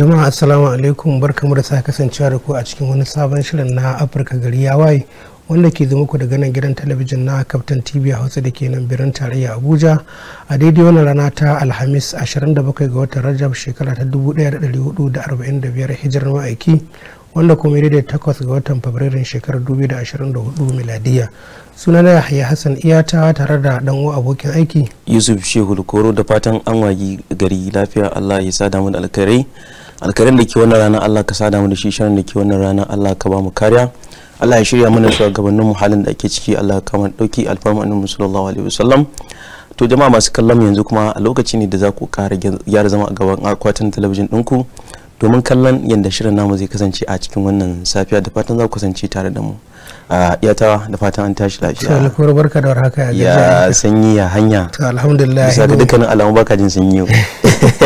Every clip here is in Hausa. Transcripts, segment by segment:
jama'a assalamu alaikum barkamu da sa kasancewa da ku a cikin wani sabon shirin na afirka gari ya waye wanda ke zama ku daga nan gidan talabijin na kaftan tv a hausa da ke nan birnin tarayya abuja a daidai wani rana ta alhamis 27 ga watan rajab shekara ta 1445 hijirar ma'aiki wanda kuma daidai takwas ga watan fabrairun shekarar 2024 miladiya suna na yahya hassan iyata tare da dan abokin aiki yusuf shehu koro da fatan an wagi gari lafiya allah ya sa damu da alkhairai alkarin da ke wannan ranar allah ka sada mu da shi shirin da ke wannan ranar allah ka ba mu kariya allah ya shirya mana shugabannin mu halin da ake ciki allah ka mana dauki alfarma annabi sallallahu alaihi wasallam to jama'a masu kallon yanzu kuma a lokaci ne da za ku kara gyara zama a gaban akwatin talabijin ɗinku domin kallon yanda shirin namu zai kasance a cikin wannan safiya da fatan za ku kasance tare da mu iyata da fatan an tashi lafiya alkuwar barka da warhaka ya sanyi ya hanya to alhamdulillah bisa ga dukkanin alamu baka jin sanyi yau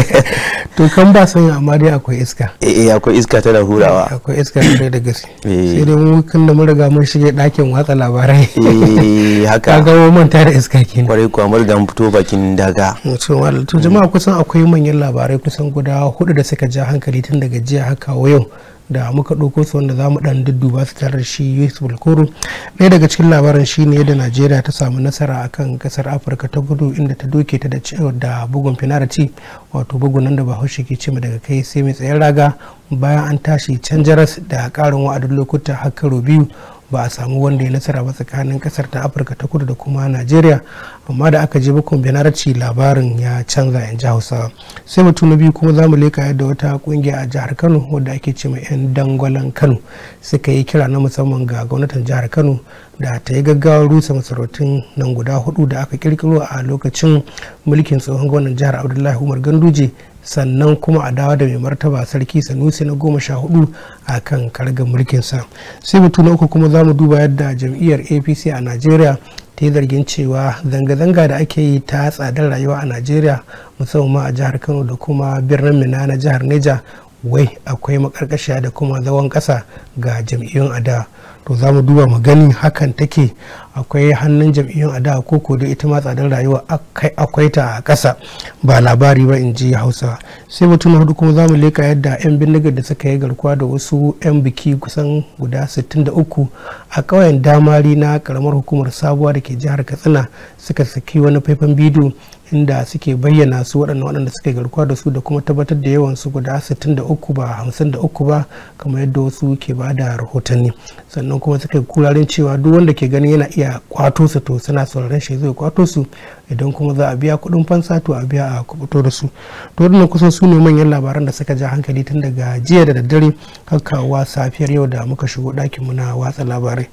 to kan ba sanyi amma dai akwai iska eh eh akwai iska tana hurawa eh, akwai iska tare da gaske eh. sai dai mun kan da mun riga mun shige dakin watsa labarai eh haka ga mun manta da iska kenan kwarai kuwa mun riga mun fito bakin daga to to jama'a kusan akwai manyan labarai kusan guda hudu da suka ja hankali tun daga jiya haka yau da muka ɗauko su wanda za mu ɗan dudduba su tare shi yusuf alkoro ɗaya daga cikin labarin shi ne yadda najeriya ta samu nasara a kan ƙasar afirka ta gudu inda ta doke ta da da bugun finarati wato bugun nan da bahaushe ke cima daga kai sai mai tsayen raga bayan an tashi can jaras da ƙarin wa'adin lokuta har karo biyu ba a samu wanda ya nasara ba tsakanin kasar ta afirka ta kudu da kuma najeriya amma da aka je bakon benarci labarin ya canza yan ji hausa sai mutum na biyu kuma za mu leka yadda wata kungiya a jihar kano wadda ake ce ma yan dangwalan kano suka yi kira na musamman ga gwamnatin jihar kano da ta yi gaggawar rusa masarautun nan guda hudu da aka kirkiro a lokacin mulkin tsohon gwamnan jihar abdullahi umar ganduje sannan kuma a dawo da mai martaba sarki sanusi na goma sha hudu a kan karga mulkinsa sai mutu na uku kuma za mu duba yadda jam'iyyar apc a najeriya ta yi zargin cewa zanga-zanga da ake yi ta tsadar rayuwa a najeriya musamman a jihar kano da kuma birnin mina na jihar neja wai akwai makarkashiya da kuma zawon kasa ga jam'iyyun adawa to za mu duba mu gani hakan take akwai hannun jam'iyyun ada ko ko da ita ma tsadar rayuwa akwai ta a ƙasa ba labari ba in ji hausa sai mutum na hudu kuma za mu leka yadda 'yan bindigar da suka yi garkuwa da wasu 'yan biki kusan guda 63 a ƙauyen damari na karamar hukumar sabuwa da ke jihar katsina suka saki wani faifan bidiyo inda suke bayyana su waɗannan waɗanda suka garkuwa da su da kuma tabbatar da yawan su guda 63 ba 53 ba kamar yadda wasu ke ba da rahotanni sannan sannan kuma suka kurarin cewa duk wanda ke ganin yana iya kwato su to suna sauraron shi zai kwato su idan kuma za a biya kuɗin fansa to a biya a kubuto da su to wadannan kusan su ne manyan labaran da suka ja hankali tun daga jiya da daddare har safiyar yau da muka shigo ɗakinmu na watsa labarai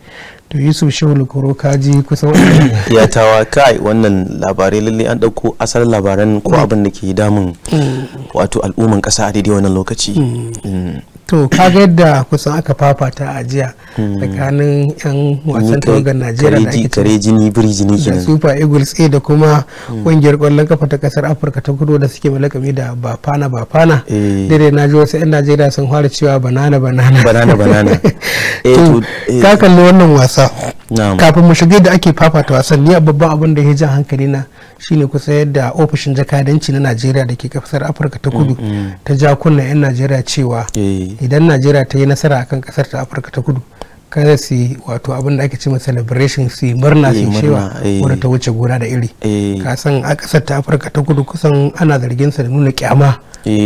to yusuf shehu koro kaji kusan ya tawa kai wannan labarai lalle an ɗauko asalin labaran ko mm. abin da ke damun mm. wato al'umman ƙasa a daidai wannan lokaci mm. to kaga yadda kusan aka fafata a jiya hmm. tsakanin yan wasan tawagar najeriya da ake kare jini biri jini da super eagles a eh, da kuma hmm. kungiyar kwallon kafa ta kasar afirka ta kudu da suke malakami da bafana bafana eh. dare na ji wasu yan najeriya sun fara cewa banana banana banana banana eh, ka kalli wannan wasa kafin mu shige da ake fafata wasan ni a babban abin da ya jan hankali na shine kusa yadda ofishin jakadanci na najeriya da ke kasar afirka ta kudu mm, mm. ta ja kunna 'yan najeriya cewa eh. idan najeriya ta yi nasara akan kasar ta afirka ta kudu kada su wato abin da ake ce celebration su yi murna eh, su shewa eh. wadda ta wuce gona da iri eh. ka san a kasar ta afirka ta kudu kusan ana zargin sa da nuna kyama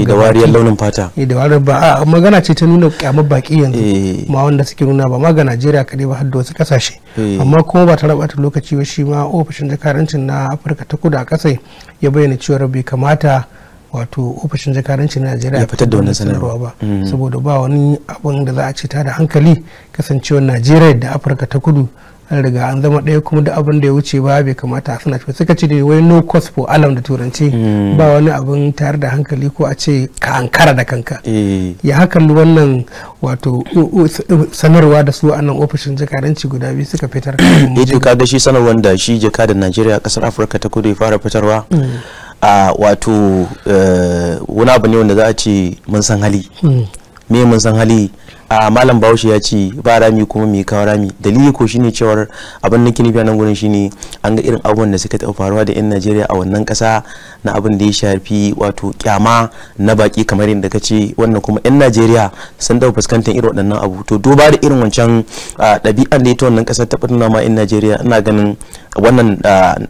da wariyar launin fata da wariyar ba a magana ce ta nuna kyama baki yanzu ma wanda suke nuna ba ma ga najeriya kadai ba har da wasu kasashe amma kuma ba ta rabata lokaci ba shi ma ofishin jakarancin na afirka ta kudu a kasai ya bayyana cewa bai kamata wato ofishin jakarancin najeriya ya fitar da wannan sanarwa ba hmm. saboda ba wani abin da za a ce ta da hankali kasancewar najeriya da afirka ta kudu an riga an zama ɗaya kuma da abin da ya wuce ba bai kamata a suna suka ce da wai no cost for alam da turanci hmm. ba wani abin tare da hankali ko a ce ka ankara da kanka eh. ya hakan wannan wato sanarwa da su a nan ofishin jakaranci guda biyu suka fitar eh to shi sanarwar da shi jaka da Najeriya kasar Afirka ta kudu ya fara fitarwa hmm. a wato eh, wani abu ne wanda za a ce mun san hali hmm. me mun san hali a malam bahaushe ya ce ba rami kuma mai kawo rami dalili ko shine cewar abin da kini nan gurin shine an ga irin abubuwan da suka taɓa faruwa da yan najeriya a wannan ƙasa na abin da ya shafi wato kyama na baki kamar yadda ka ce wannan kuma yan najeriya sun dafa fuskantar irin waɗannan abu to duba da irin wancan ɗabi'ar da ta wannan ƙasa ta ɓarna ma yan najeriya ina ganin wannan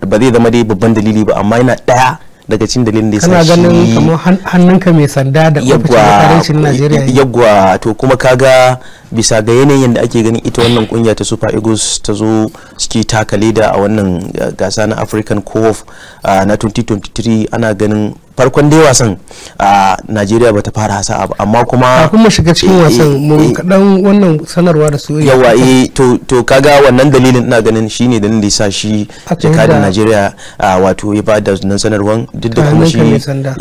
ba zai zama dai babban dalili ba amma yana ɗaya daga cin dalilin da ya sa ganin kamar hannunka mai sanda da ofishin Najeriya yagwa to kuma kaga bisa ga yanayin da ake ganin ita wannan kungiya ta Super Eagles ta zo suke takale da a wannan uh, gasa na African co uh, na 2023 ana ganin farkon dai wasan a najeriya bata fara hasa ba amma kuma kuma shiga cikin eh, eh, wasan mun eh. kadan wannan sanarwa da soyayya yawa eh to to kaga wannan dalilin ina ganin shine dalilin da yasa shi jakadin najeriya wato ya bada nan sanarwan duk da kuma shi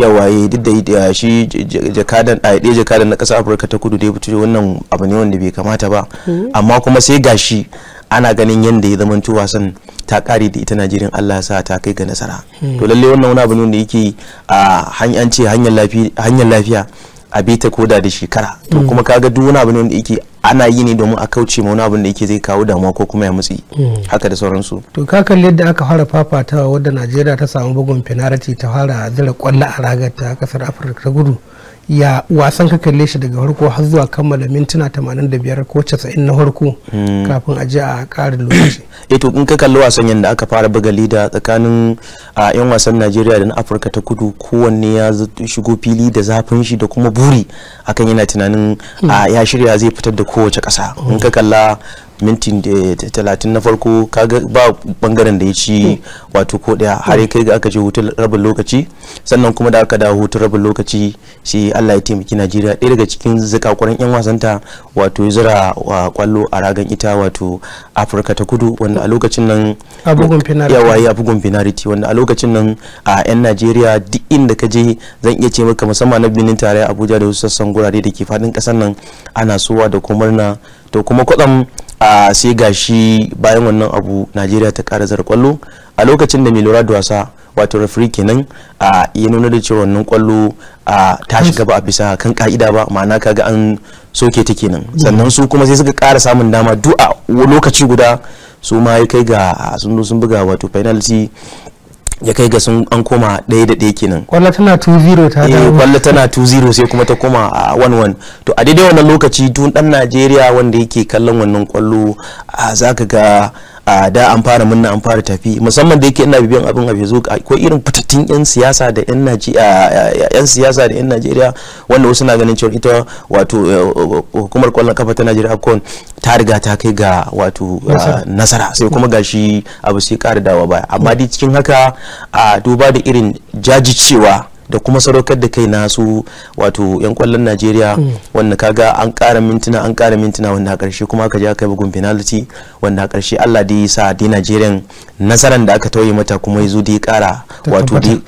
yawa eh duk da shi jakadan a dai jakadan na kasar afirka ta kudu dai ya fito wannan abu ne wanda bai kamata ba hmm. amma kuma sai gashi ana ganin yadda ya zamanto wasan ta kare da ita najeriya allah sa ta kai ga nasara hmm. to lalle wannan wani abu ne da yake a an ce hanyar lafiya a bita koda da shekara to hmm. kuma ga duk wani abu ne da yake ana yi ne domin a kauce ma wani abu da yake zai kawo damuwa ko kuma ya mutsi hmm. haka da sauransu to ka kalli yadda aka fara fafatawa wadda najeriya ta samu bugun penalty ta fara zira kwallo a ragar ta kasar afirka ta gudu ya wasan ka kalle shi daga farko har zuwa kammala mintuna 85 ko 90 na harko hmm. kafin a je a karin lokaci eh to in ka kalli wasan yadda aka fara buga lida tsakanin a yan wasan Najeriya da na Afirka ta Kudu kowanne ya shigo fili da zafin shi da kuma buri akan yana tunanin hmm. ya shirya zai fitar da kowace kasa in ka kalla mintin talatin na farko kaga ba bangaren da ya ci hmm. wato ko daya har hmm. kai ga aka ce hutun rabin lokaci sannan kuma da aka dawo hutun rabin lokaci shi Allah ya taimaki Najeriya ɗaya daga cikin zakakuran yan wasanta wato ya zira wa kwallo a ragan ita wato Afirka ta Kudu wanda a lokacin nan abugun penalty yawa ya abugun penalty wanda a lokacin nan a yan Najeriya duk inda ka je zan iya ce maka musamman na Benin tare Abuja da wasu sassan gurare da ke faɗin ƙasar nan ana sowa da kuma murna to kuma kwatsam sai gashi bayan wannan abu najeriya ta kara zar kwallo a lokacin da mai wasa wato referee kenan a ya nuna da cewa wannan kwallo a ta shiga ba a bisa kan ka'ida ba ma'ana kaga an soke ta kenan sannan su kuma sai suka kara samun dama duk a lokaci guda su ma ya kai ga sun sun buga wato penalty ya kai ga sun an koma ɗaya da ɗaya kenan kwallo tana 2-0 ta eh, dawo kwallo tana 2-0 sai kuma ta koma a 1-1 to a daidai wannan lokaci tun dan najeriya wanda yake kallon wannan kwallo a zaka ga a da an fara munna an fara tafi musamman da yake ina bibiyan abin a facebook ko irin fitattun yan siyasa da yan yan siyasa da yan najeriya wanda wasu na ganin cewa ita wato eh, eh, hukumar kwallon kafa ta najeriya kon ta riga ta kai ga wato nasara sai kuma gashi abu sai kara dawa baya amma dai cikin haka a duba da irin jajicewa da kuma sadaukar da kai na su wato yan kwallon najeriya mm. wanda kaga an kara mintuna an kara mintuna wanda a karshe kuma aka je aka yi bugun penalty wanda a karshe allah da ya sa di najeriya nasarar da aka tauye mata kuma ya zo da ya kara wato eh,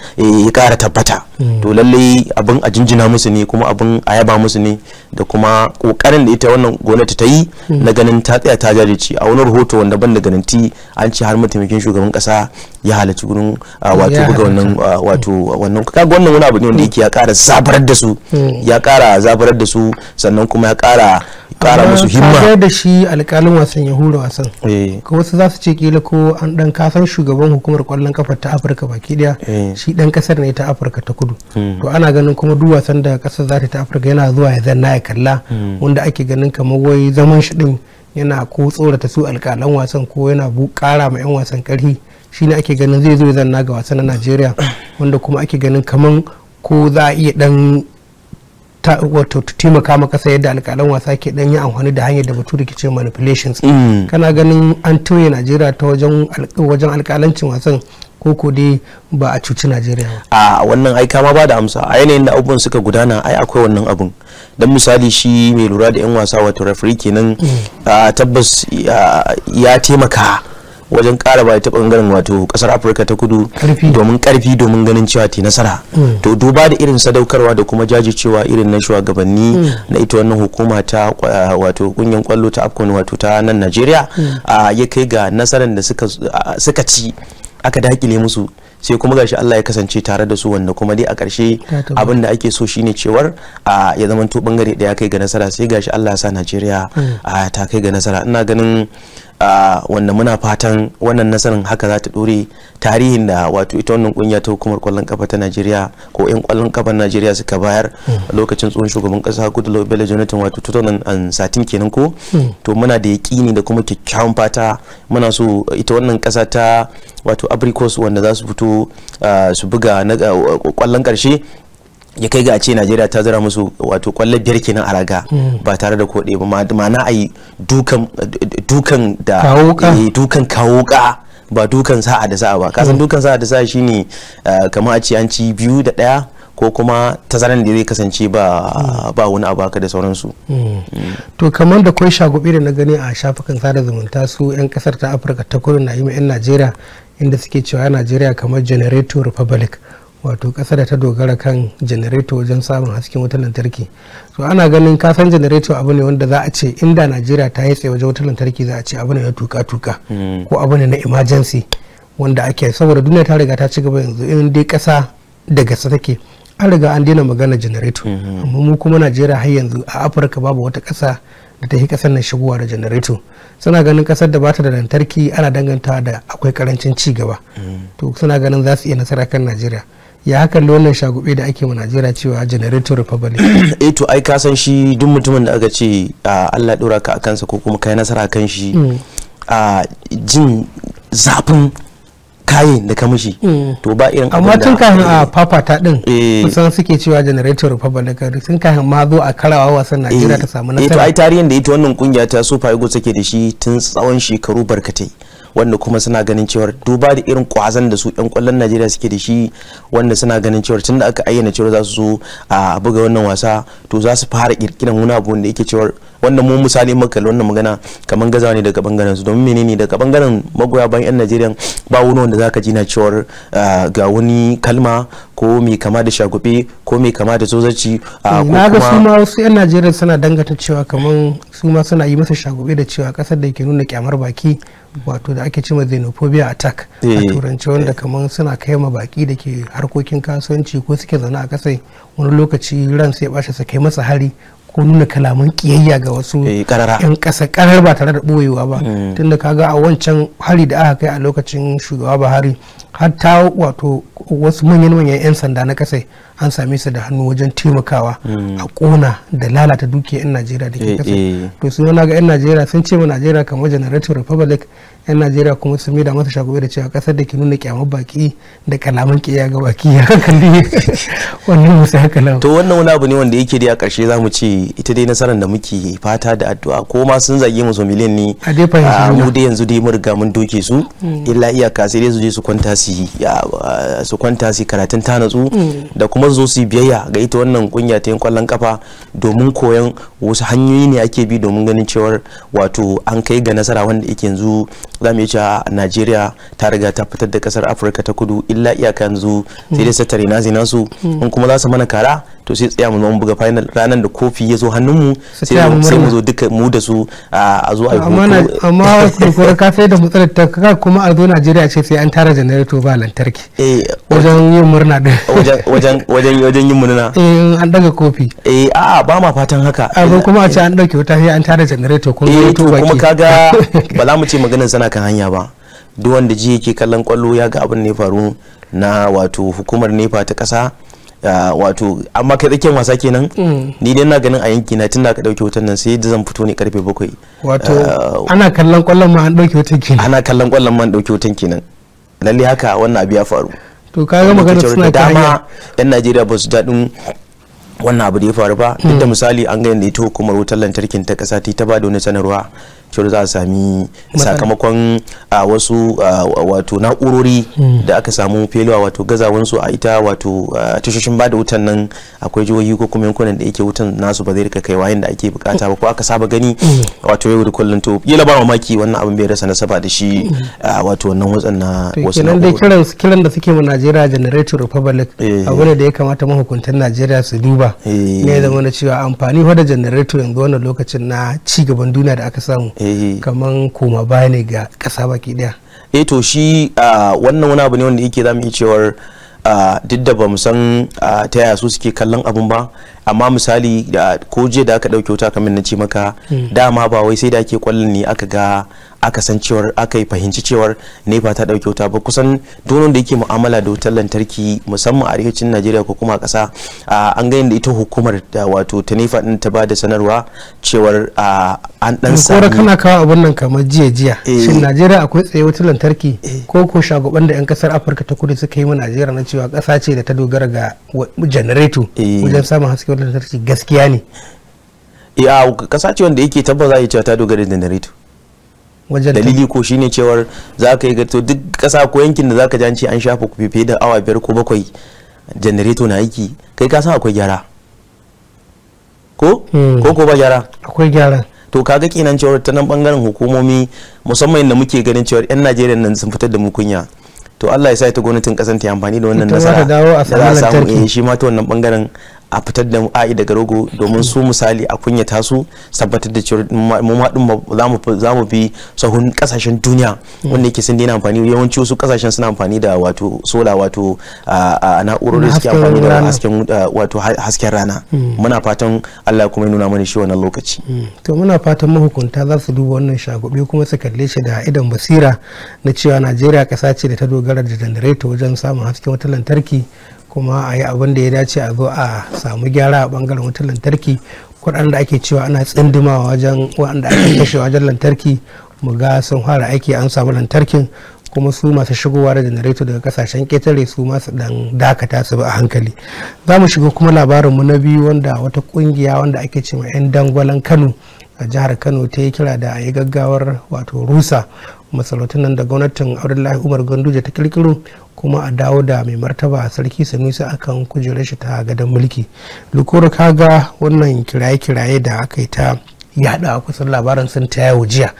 ya kara tabbata mm. to lallai abin a jinjina musu ne kuma abin a yaba musu ne da kuma kokarin da ita wannan gwamnati ta yi mm. na ganin ta tsaya ta jajirce a wani rahoto wanda ban da ti an ce har mataimakin shugaban kasa ya halarci gurin ah, wato buga wannan ah, wato wannan wannan wani abu ne wanda hmm. yake ya kara zabarar da su hmm. ya kara zabarar da su sannan kuma ya kara kara musu himma ka da shi alƙalin wasan ya hura wasan eh. ko wasu za su ce kila ko an dan kasar shugaban hukumar kwallon kafa ta afirka baki daya eh. shi dan kasar ne ta afirka ta kudu hmm. to ana ganin kuma duk wasan da kasar za ta afirka yana zuwa ya zanna ya kalla wanda ake ganin kamar wai zaman shi din yana ko tsorata su alƙalan wasan ko yana bu kara ma 'yan wasan ƙarfi shine ake ganin zai zo zanna ga wasa na najeriya wanda kuma ake ganin kaman ko za a iya dan wato taimaka ma kasa yadda alƙalan wasa ke dan yi amfani da hanyar da batu da ke ce manipulations mm. kana ganin an toye najeriya ta wajen wajen alƙalancin wasan ko ko dai ba a cuci najeriya a wannan ai kama ba da amsa a yanayin da abubuwan suka gudana ai akwai wannan abun dan misali shi mai lura da yan wasa wato referee kenan mm. a tabbas ya taimaka wajen kara bai ta bangaren wato kasar afirka ta kudu domin karfi domin ganin cewa ta nasara mm. to duba da irin sadaukarwa da kuma jajircewa irin na shugabanni mm. na ita wannan hukuma ta uh, wato kungiyar kwallo ta afcon wato ta nan najeriya mm. ya kai ga nasarar da suka ci aka dakile musu sai kuma gashi Allah ya kasance tare da su wanda kuma dai a ƙarshe abin da ake so shine cewar ya zama to bangare da ya kai ga nasara sai gashi Allah ya sa Najeriya ta kai ga nasara ina ganin wanda muna fatan wannan nasarar haka za ta dore tarihin da wato ita wannan kungiya ta hukumar kwallon kafa ta Najeriya ko yan kwallon kafa Najeriya suka bayar lokacin tsohon shugaban kasa Goodluck Bello Jonathan wato 2013 kenan ko hmm. to muna da yakini da kuma kyakkyawan fata muna so ita wannan kasa ta wato Abricos wanda za su fito su buga na kwallon karshe ya kai ga a ce najeriya ta zira musu wato kwallo biyar kenan a raga hmm. ba tare da koɗe ba ma'ana a yi dukan da eh, dukan kawuka ba dukan sa'a da sa'a ba kasan hmm. dukan sa'a da sa'a shine eh, kamar a ce an ci biyu da ɗaya ko kuma tazaran da zai kasance ba hmm. wani abu haka da sauransu to kamar da kun shagobe da na gani a shafukan sada zumunta su 'yan kasar ta afirka ta kudu na yi 'yan najeriya inda suke cewa najeriya kamar generator republic wato kasa da ta dogara kan janareto wajen samun hasken wutar lantarki so ana ganin kasan janareto abu ne wanda za a ce inda najeriya ta yi tsaye wajen wutar lantarki za a ce abu ne na tuka-tuka hmm. ko abu ne na emergency wanda ake saboda duniya ta riga ta ci gaba yanzu in dai kasa da gasa take an riga an daina magana janareto hmm. amma mu kuma najeriya har yanzu a afirka babu wata kasa da ta yi kasar na shigowa da janareto suna ganin kasar da bata da lantarki ana dangantawa da akwai karancin ci gaba hmm. to suna ganin za su iya nasara kan najeriya ya hakan wannan shagube da ake wa najeriya cewa generator republic eh to ai ka san shi duk mutumin da aka ce allah dora ka a kansa ko kuma kai nasara kan shi mm. a jin zafin kayan da ka mishi mm. to ba irin amma tun kafin a eh. fafata din eh. kusan suke cewa generator republic tun kafin ma zo a karawa wasan najeriya eh. ta samu nasara eh to ai tarihin da ita wannan kungiya ta super eagles take da shi tun tsawon shekaru barkatai wanda kuma suna ganin cewar duba da irin kwazan da su yan kwallon najeriya suke da shi wanda suna ganin cewar tunda aka ayyana cewar za su zo a buga wannan wasa to za su fara kirkiran wani abu wanda yake cewar wannan mu misali mun kalli wannan magana kamar gazawa ne daga bangaren su domin menene daga bangaren magoya bayan yan Najeriya ba wani wanda zaka ji na cewar ah, ga wani kalma ko mai kama da shagube ko mai kama da zozaci a ah, kuma ga su ma wasu yan Najeriya suna dangata cewa kamar su ma suna yi masa shagube da cewa kasar da ke nuna kyamar baki wato da ake cewa xenophobia attack a eh. turanci wanda kamar suna kai ma baki da ke harkokin kasuwanci ko suke zana a kasai wani lokaci ran sai ya bashi su kai masa hari ko nuna kalaman kiyayya ga wasu eh, yan ƙasa karar ba tare da ɓoyewa ba mm. tunda kaga a wancan hari da aka kai a lokacin shugaba buhari har ta wato wasu manyan manyan yan sanda na kasai an same su da hannu wajen taimakawa hmm. a kona da lalata dukiyar 'yan najeriya da ke kasa eh, eh. to su na ga 'yan najeriya sun ce ma najeriya kamar generative republic 'yan najeriya kuma su da masa shagobe da cewa kasar da ke nuna kyamar baki da kalaman kiya ga baki ya kalli wannan musu haka to wannan wani abu ne wanda yake dai a karshe za mu ce ita dai nasarar da muke fata da addu'a ko ma sun zage mu miliyan ne a mu dai yanzu dai mu riga mun doke su hmm. illa iyaka sai dai su je su kwanta su kwanta su karatun ta natsu hmm. da kuma kamar zo su biyayya ga ita wannan kunya ta yin kwallon kafa domin koyon wasu hanyoyi ne ake bi domin ganin cewar wato an kai ga nasara wanda yake yanzu za mu iya Najeriya ta riga ta fitar da kasar Afirka ta kudu illa iyaka yanzu sai dai satare mm. na su mm. in kuma za su mana kara to sai tsaya mu buga final ranar da kofi ya zo hannunmu sai mu zo duka mu da su a zo a yi hoto amma da kuma ka sai da matsalar ta kaka kuma a zo Najeriya ce sai an tara janareto ba lantarki eh, wajen yin murna din wajen wajen wajen yin murna eh an daga kofi eh a ba ma fatan haka abin kuma a ce eh. an dauke wuta sai an tara janareto eh, kuma kuma kaga ba za mu ce maganar sana kan hanya ba duk wanda ji yake kallon kwallo ya ga abin ne faru na wato hukumar nefa ta kasa wato amma kai tsakiyar wasa kenan mm. ni dai na ganin a yanki na tun da ka dauke hoton nan sai zan fito ne karfe bakwai wato ah, ana kallon kwallon ma an dauke hoton kenan ana kallon kwallon ma an dauke hoton kenan lalle haka wannan abu ya faru to ga magana suna dama yan Najeriya ba su daɗin wannan abu da ya faru ba duk da mm. misali an ga yadda ita hukumar wutar lantarkin ta kasa ta ba da wani sanarwa cewar za a sami sakamakon a wasu wato na'urori hmm. da aka samu feluwa wato gazawansu a ita wato tashoshin ba da wutan nan akwai jihohi ko kuma yankunan da yake wutan nasu ba zai rika kai wayan da ake bukata ba ko aka saba gani hmm. wato yau da kullum to yala ba mamaki wannan abin bai rasa nasaba da shi hmm. wato wannan watsan na wasu kenan dai kiran kiran da suke mu Najeriya Generator Republic eh. abu ne da ya kamata mahukuntan Najeriya su duba eh. ne zama na cewa amfani fa da generator yanzu wannan lokacin na ci gaban duniya da aka samu eh. kaman koma baya ne ga kasa baki daya eh to shi wannan wani abu ne wanda yake zamu yi cewar duk da mu san ta yaya su suke kallon abun ba amma misali ko je da aka ɗauki wuta kamar na ce maka hmm. dama ba wai sai da ake kwallon ne aka ga aka san cewar aka yi fahimci cewar nepa ta dauke wuta ba kusan donon da yake mu'amala da wutar lantarki musamman a arewacin najeriya ko kuma a kasa an ga da ita hukumar da wato ta nepa din ta ba da sanarwa cewar an dan sami kana kawo abun nan kamar jiya jiya eh. shin najeriya akwai tsaye wutar lantarki eh. ko ko shagoban da yan kasar afirka ta kudu suka yi mu najeriya na cewa kasa ce da ta dogara ga janareto eh. wajen samun haske wutar lantarki gaskiya ne a kasa ce wanda yake tabbata ya cewa ta dogara da janareto dalili ko shine cewar za ka yi gato duk ƙasa ko yankin da za ka janci an shafa fiye da awa biyar ko bakwai janareto na aiki kai ka san akwai gyara ko hmm. ko ko ba gyara akwai gyara to kaga kenan cewar ta nan bangaren hukumomi musamman inda muke ganin cewar yan najeriya nan sun fitar da mu kunya to Allah ya sa ta gwamnatin kasar ta amfani da wannan nasara da za a samu eh, shi ma ta wannan bangaren a fitar da mu'a'i daga rogo domin su misali a kunyata su tabbatar da cewa mu ma za mu bi sahun kasashen duniya wanda yake sun daina amfani yawanci wasu kasashen suna amfani da wato sola wato a da suke amfani da hasken wato hasken rana hmm. muna fatan Allah kuma ya nuna mana shi wannan lokaci hmm. to muna fatan mahukunta za su duba wannan shagobe kuma su kalle shi da idan basira na cewa Najeriya kasa ce da ta dogara da janareto wajen samun hasken wata lantarki kuma a yi abin da ya dace a zo a samu gyara a bangaren wutar lantarki kuɗaɗen da ake cewa ana tsindima wajen waɗanda ake kashe wajen lantarki mu ga sun fara aiki an samu lantarkin kuma su masu shigowa da janareto daga kasashen ketare su masu dan dakata su a hankali za mu shiga kuma labarin mu na biyu wanda wata kungiya wanda ake cewa 'yan dangwalen kano a jihar kano ta yi kira da a yi gaggawar wato rusa masarautun nan da gwamnatin abdullahi umar ganduje ta kirkiro kuma a dawo da mai martaba a sarki sanusi akan kujerar shi ta gadon mulki ka ga wannan kiraye-kiraye da aka yi ta yada a kusan labarin sun ta yawo jiya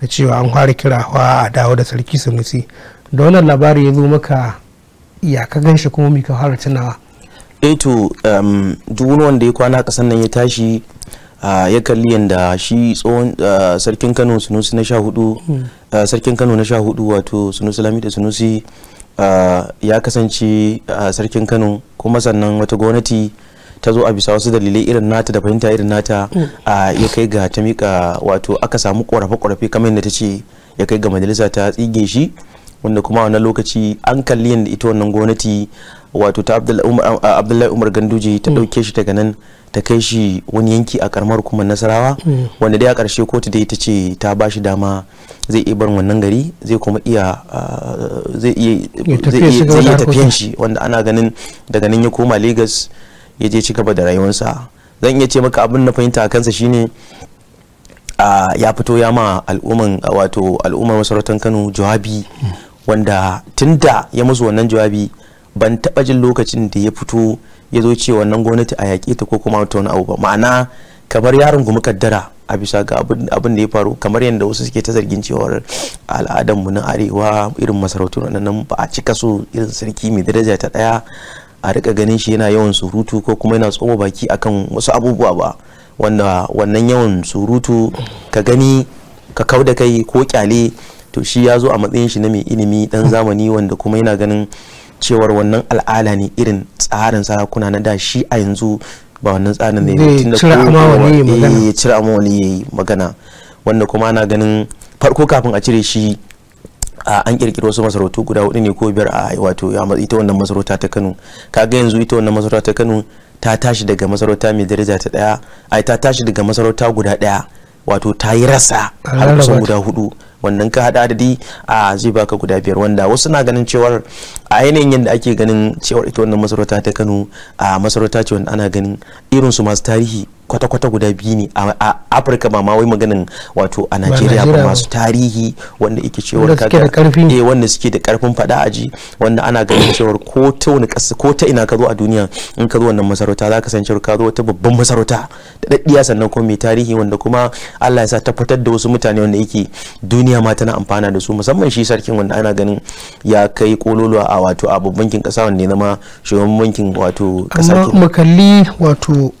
da cewa an fara kirawa a dawo da sarki sanusi da wannan labarin ya zo maka ya ka gan shi kuma mika fara tunawa eh to um, duk wanda ya kwana kasan nan ya tashi Ah, ya kalli yadda shi tsohon ah, sarkin kano sunusi na sha hudu hmm. ah, sarkin kano na sha hudu wato sunusi lami da sunusi ya kasance sarkin kano kuma sannan wata gwamnati ta zo a bisa wasu dalilai irin nata da fahimta irin nata hmm. ya kai ga ta mika wato aka samu korafe-korafe kamar yadda ta ce ya kai ga majalisa ta tsige shi wanda kuma wani lokaci an kalli yadda ita wannan gwamnati wato ta abdullahi umar ganduje ta dauke mm. shi daga nan ta kai shi wani yanki a karamar kuma nasarawa mm. wanda dai a karshe kotu dai ta ce ta ba shi dama zai iya barin wannan gari zai kuma iya zai iya tafiyan shi wanda ana ganin daga nan ya koma lagos ya je ci gaba da rayuwarsa zan iya ce maka abin na fahimta a kansa shine ya fito ya ma al'umman wato al'ummar masarautar kano jawabi mm. wanda tunda ya musu wannan jawabi ban taɓa jin lokacin da ya fito ya zo ce wannan gwamnati a yaƙe ta ko kuma ta wani abu ba ma'ana kamar yaron gumi kaddara a bisa ga abin da ya faru kamar yadda wasu suke ta zargin cewar al'adanmu na arewa irin masarautu nan ba a cika so irin sarki mai daraja ta ɗaya a rika ganin shi yana yawan surutu ko kuma yana tsoma baki akan wasu abubuwa ba wanda wannan yawan surutu ka gani ka kau da kai ko kyale to shi ya zo a matsayin shi na mai ilimi dan zamani wanda kuma yana ganin cewar wannan al'ala ne irin tsarin sarakuna na da shi a yanzu ba wannan tsarin ne ya cire amma wani ya yi magana wanda kuma ana ganin farko kafin a cire shi an kirkiro wasu masarautu guda hudu ne ko biyar a wato ita wannan masarauta ta Kano kaga yanzu ita wannan masarauta ta Kano ta tashi daga masarauta mai daraja ta daya ai ta tashi daga masarauta guda daya wato ta yi rasa har kusan guda hudu wannan ka hada adadi a zai baka guda biyar wanda wasu na ganin cewar a yanayin yadda ake ganin cewar ita wannan masarauta ta kano a masarauta ce wanda ana ganin irinsu masu tarihi kwata-kwata guda biyu ne a afirka ba ma wai maganin wato a Nigeria ba masu tarihi wanda ike cewar kaga eh wanda suke da karfin fada aji wanda ana ganin cewar ko ta wani kasa ko ta ina ka zo a duniya in ka zo wannan masarauta za ka san cewar ka zo wata babban masarauta da daddiya sannan kuma mai tarihi wanda kuma Allah ya sa tabbatar da wasu mutane wanda yake duniya ma tana amfana da su musamman shi sarkin wanda ana ganin ya kai kololuwa a wato a babban bankin kasa wanda ya zama shugaban bankin wato kasa amma mu wato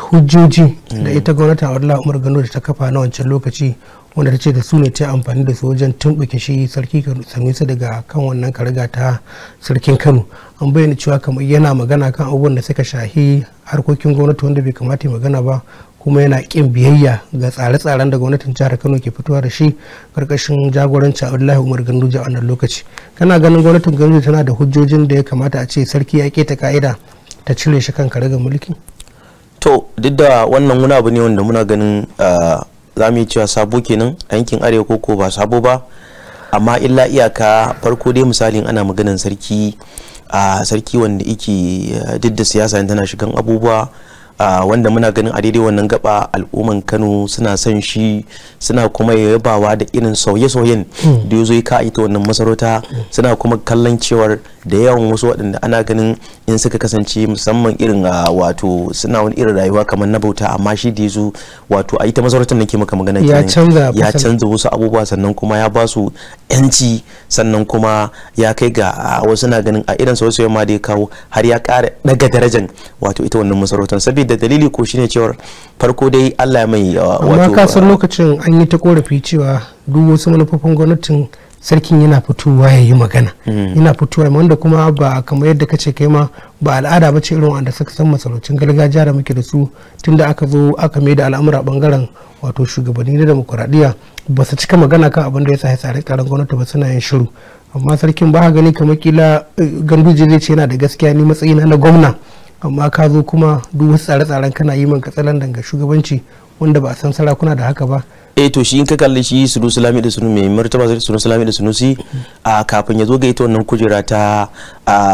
hujjoji da ita gwamnati a wadda umar gano da ta kafa na wancan lokaci wanda ta ce da su ne ta amfani da su wajen tumbuke shi sarki su daga kan wannan kariga ta sarkin kano an bayyana cewa kamar yana magana kan abubuwan da suka shahi harkokin gwamnati wanda bai kamata ya magana ba kuma yana ƙin biyayya ga tsare-tsaren da gwamnatin jihar kano ke fitowa da shi karkashin jagoranci abdullahi umar ganduje a wannan lokaci kana ganin gwamnatin ganduje tana da hujjojin da ya kamata a ce sarki ya keta ka'ida ta cire shi kan karagar mulki to duk da wannan wani abu ne wanda muna ganin ah, za mu yi cewa sabo kenan a yankin arewa ko ko ba sabo ba amma illa iyaka farko dai misalin ana maganan sarki a ah, sarki wanda yake ah, duk da siyasa tana shigan abubuwa wanda muna ganin a daidai wannan gaba al'umman kano suna son shi suna kuma yabawa da irin sauye-sauyen da ya zo ka ita wannan masarauta suna kuma kallon cewar da yawan wasu waɗanda ana ganin in suka kasance musamman irin wato suna wani irin rayuwa kamar na bauta amma shi da ya zo wato a ita masarautar nake maka magana ya canza wasu abubuwa sannan kuma ya ba su yanci sannan kuma ya kai ga wasu na ganin a irin sauye-sauyen ma da ya kawo har ya ƙara daga darajar wato ita wannan masarautar da dalili ko shine cewar farko dai Allah mai uh, wato amma ka san uh, lokacin an yi ta korafi cewa duk wasu manufofin gwamnatin sarkin yana fitowa ya yi magana hmm. yana fitowa wanda kuma ba kamar yadda kace kai ma ba al'ada ba ce irin wanda suka san masarautun gargajiya da muke da su tunda aka zo aka mai da al'amura bangaren wato shugabanni da demokuraɗiyya ba su cika magana kan abin da ya sa tsare tsaren gwamnati ba suna yin shiru amma sarkin ba gani kamar kila eh, ganduje zai ce yana da gaskiya ni matsayina na gwamna amma ka zo kuma duk wasu tsare-tsaren kana yi man katsalan daga shugabanci wanda ba a san sarakuna da haka ba eh to shi in ka kalli shi sunu sulami da sunu mai martaba sunu sulami da si a kafin ya zo ga ita wannan kujera ta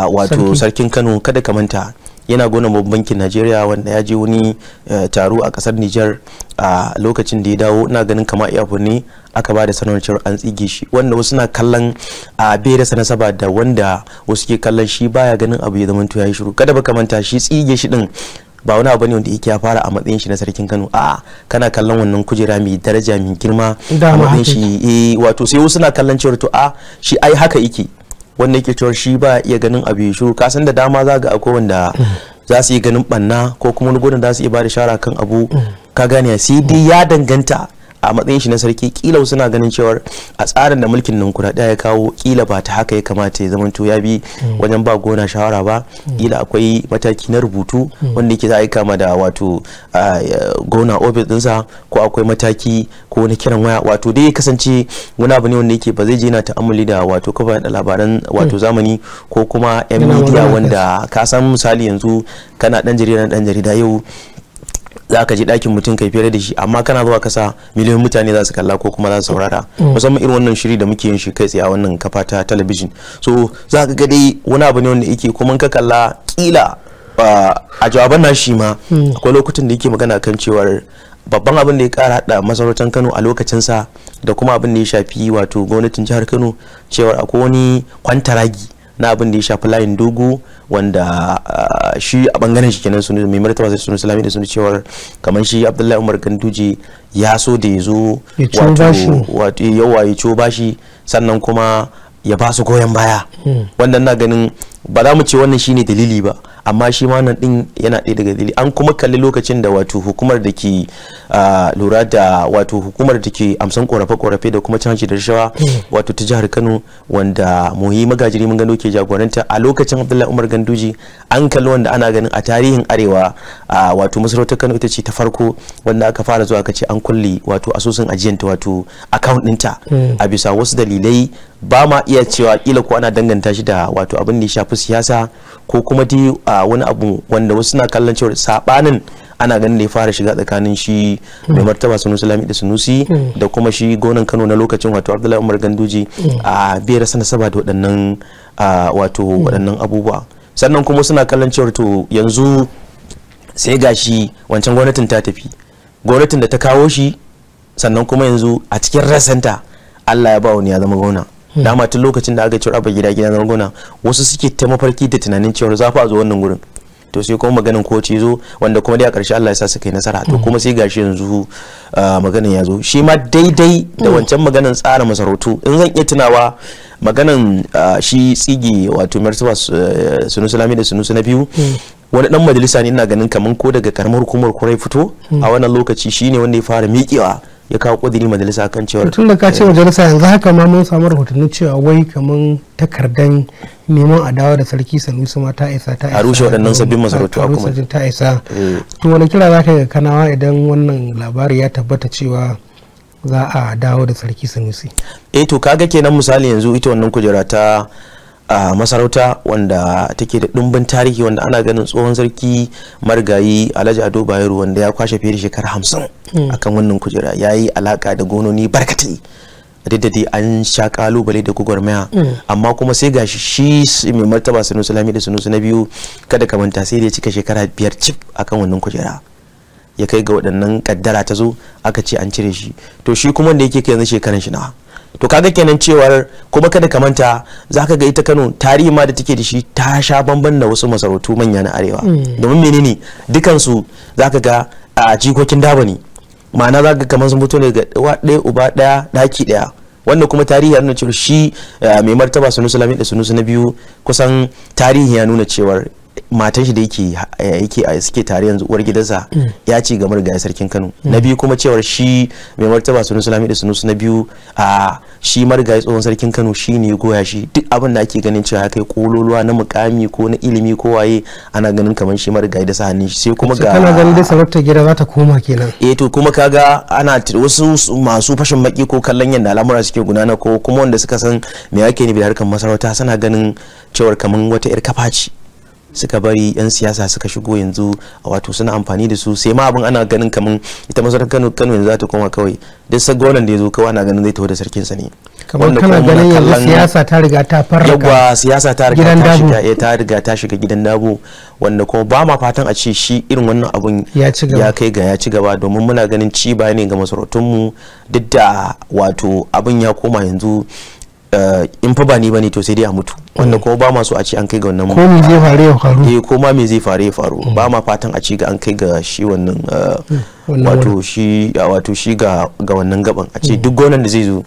wato sarkin kano kada ka manta yana gona babban bankin najeriya wanda ya je wani eh, taro a kasar niger a lokacin da ya dawo ina ganin kama iya ne aka ba da sanarwar cewa an tsige shi wanda wasu na kallon a bai da nasaba da wanda wasu ke kallon shi baya ganin abu ya zamanto ya yi shiru kada baka manta shi tsige shi din ba wani abu ne wanda yake ya fara a matsayin shi na sarkin Kano a kana kallon wannan kujera mai daraja mai girma a matsayin shi eh wato sai wasu na kallon cewa to a shi ai haka yake wanda yake cewa shi ba iya ganin abu ya shiru ka san da dama za ga akwai wanda za su yi ganin banna ko kuma wani gudun za su iya ba da shara kan abu ka gane sai dai ya danganta a matsayin shi na sarki kila suna ganin cewar a tsarin da mulkin ninkuraɗiya ya kawo kila ba ta haka ya kamata ya zamanto ya bi mm. wajen ba gona shawara ba mm. kila akwai mataki na rubutu mm. wanda yake za a yi kama da wato gona ofis ɗinsa ko akwai mataki ko na kiran waya wato dai kasance wani abu ne wanda yake ba zai je na ta'amuli da wato kafa da labaran wato zamani ko kuma yan midiya wanda ka san misali yanzu kana dan jarida dan jarida yau za ka ji ɗakin mutum kai fere da shi amma kana zuwa kasa miliyoyin mutane za su kalla ko kuma za su saurara mm. musamman irin wannan shiri da muke yin shi kai tsaye a wannan kafa ta talabijin so za ka ga dai wani abu ne wanda yake kuma ka kalla kila a jawaban na shi ma mm. akwai lokutan da yake magana kan cewar babban abin da ya kara hada masarautar kano a lokacin sa da kuma abin da ya shafi wato gwamnatin jihar kano cewar akwai wani kwantaragi na abin da ya shafi layin dogo wanda ah, shi a bangaren shi kenan sunu mai martaba sai sunu salami da sunu cewar kamar shi abdullahi umar ganduje ya so da ya zo wato yawa ya ciwo bashi sannan kuma ya ba su goyon baya hmm. wanda na ganin ba za mu ce wannan shine dalili ba amma shi ma nan din yana ɗaya daga dalili an kuma kalli lokacin da wato hukumar da ke lura da wato hukumar da ke amsan korafe-korafe da kuma canji da rashawa hmm. wato ta jihar kano wanda muhi magajiri mun gano ke jagoranta a lokacin abdullahi umar ganduji an kalli wanda ana ganin a tarihin arewa wato masarautar kano ita ce ta farko wanda aka fara zuwa kace ce an kulle wato asusun ajiyanta wato account ɗinta hmm. a bisa wasu dalilai ba ma iya cewa kila ko ana danganta shi da wato abin da ya shafi siyasa ko kuma dai wani abu wanda wasu na kallon cewa sabanin ana ganin da ya fara shiga tsakanin shi mai hmm. martaba sunusi lami da sunusi hmm. da kuma shi gonan kano na lokacin wato abdullahi umar ganduji hmm. a bai rasa saba da waɗannan wato waɗannan abubuwa sannan kuma suna kallon cewar to yanzu sai gashi wancan gwamnatin ta tafi gwamnatin da ta kawo shi sannan kuma yanzu a cikin rasanta allah ya ba wani ya zama gwamna dama tun lokacin da aka ce raba gida gidan ranguna wasu suke ta mafarki da tunanin cewa za a zo wannan gurin to sai kuma maganin koci zo wanda kuma dai a ƙarshe Allah ya sa suka yi nasara to kuma sai gashi yanzu ah, maganin ya zo shi ma daidai da mm. wancan maganin tsara masarautu in zan iya tunawa maganin ah, shi tsige wato eh, sunu sulami da na biyu mm. wani dan majalisa ne ina ganin kaman ko daga karamar hukumar kurai fito mm. a wannan lokaci shine wanda ya fara miƙewa ya kawo kudiri majalisa kan cewar tun da ka ce eh, majalisa yanzu haka ma mun samu rahotannin cewa wai kaman takardan neman adawa da sarki sanusi ma ta isa ta isa a rushe waɗannan sabbin masarautu a kuma ta isa eh. to wani kira za ka ga kanawa idan wannan labari ya tabbata cewa za a dawo da sarki sanusi eh to kaga kenan misali yanzu ita wannan kujera ta a masarauta wanda take da ɗumbin tarihi wanda ana ganin tsohon sarki marigayi alhaji ado bayero wanda ya kwashe fiye da shekara hamsin hmm. akan wannan kujera ya yi alaka da gononi barkatai a da an sha kalubale da gwagwarmaya hmm. amma kuma sai gashi shi mai martaba sanusi lami da sanusi na biyu kada ka manta sai da ya cika shekara biyar cif akan wannan kujera ya kai ga waɗannan kaddara ta zo aka ce an cire shi to shi kuma da yake kai yanzu shekaran shi na to kaga kenan cewar kuma kada ka manta za ka ga ita kano tarihi ma da take da shi ta sha bamban da wasu masarautu manya na arewa hmm. domin menene dukansu za ka ga a jikokin daba ne ma'ana za ka kamar sun fito ne ga ɗaya uba ɗaya daki ɗaya wannan kuma tarihi ya nuna cewa shi mai martaba sunusu lamin da sunusu na biyu kusan tarihi ya nuna cewar matan shi da yake eh, yake eh, suke tare yanzu uwar gidansa mm. ya ci gamar ga sarkin Kano na biyu kuma cewar shi mai martaba sunu sulami da sunu na biyu a shi marigayi tsohon sarkin Kano shi ne goya shi duk abin da ake ganin cewa kai kololuwa na mukami ko na ilimi ko waye ana ganin kamar shi marigayi da sa hannun shi sai kuma ga kana ganin da sarauta gida za ta koma kenan eh to kuma kaga ana wasu masu fashin baki ko kallon yanda al'amura suke gudana ko kuma wanda suka san me ake ne bi harkar masarauta suna ganin cewar kamar wata 'yar kafa suka bari yan siyasa suka shigo yanzu wato suna amfani da su sai ma abin ana ganin kamar ita masarar Kano Kano yanzu za ta koma kawai duk sagonan da ya zo kawai ana ganin zai taho da sarkin sa ne kamar kana ganin yanzu siyasa ta riga ta farka yawa siyasa ta riga ta shiga eh ta riga ta shiga gidan dabo wanda kuma ba ma fatan a ce shi irin wannan abun ya kai ga ya ci gaba domin muna ganin ci ba ne ga masarautun mu duk da wato abin ya koma yanzu in fa ba ni bane to sai dai a mutu wanda mm. kuma ba ma so a ce an kai ga wannan ko mu zai fare ya faru eh ko ma me zai fare ya faru mm. ba ma fatan a ce ga an kai ga shi wannan uh, mm, wato shi wato shi ga ga wannan gaban a ce duk gonan da zai zo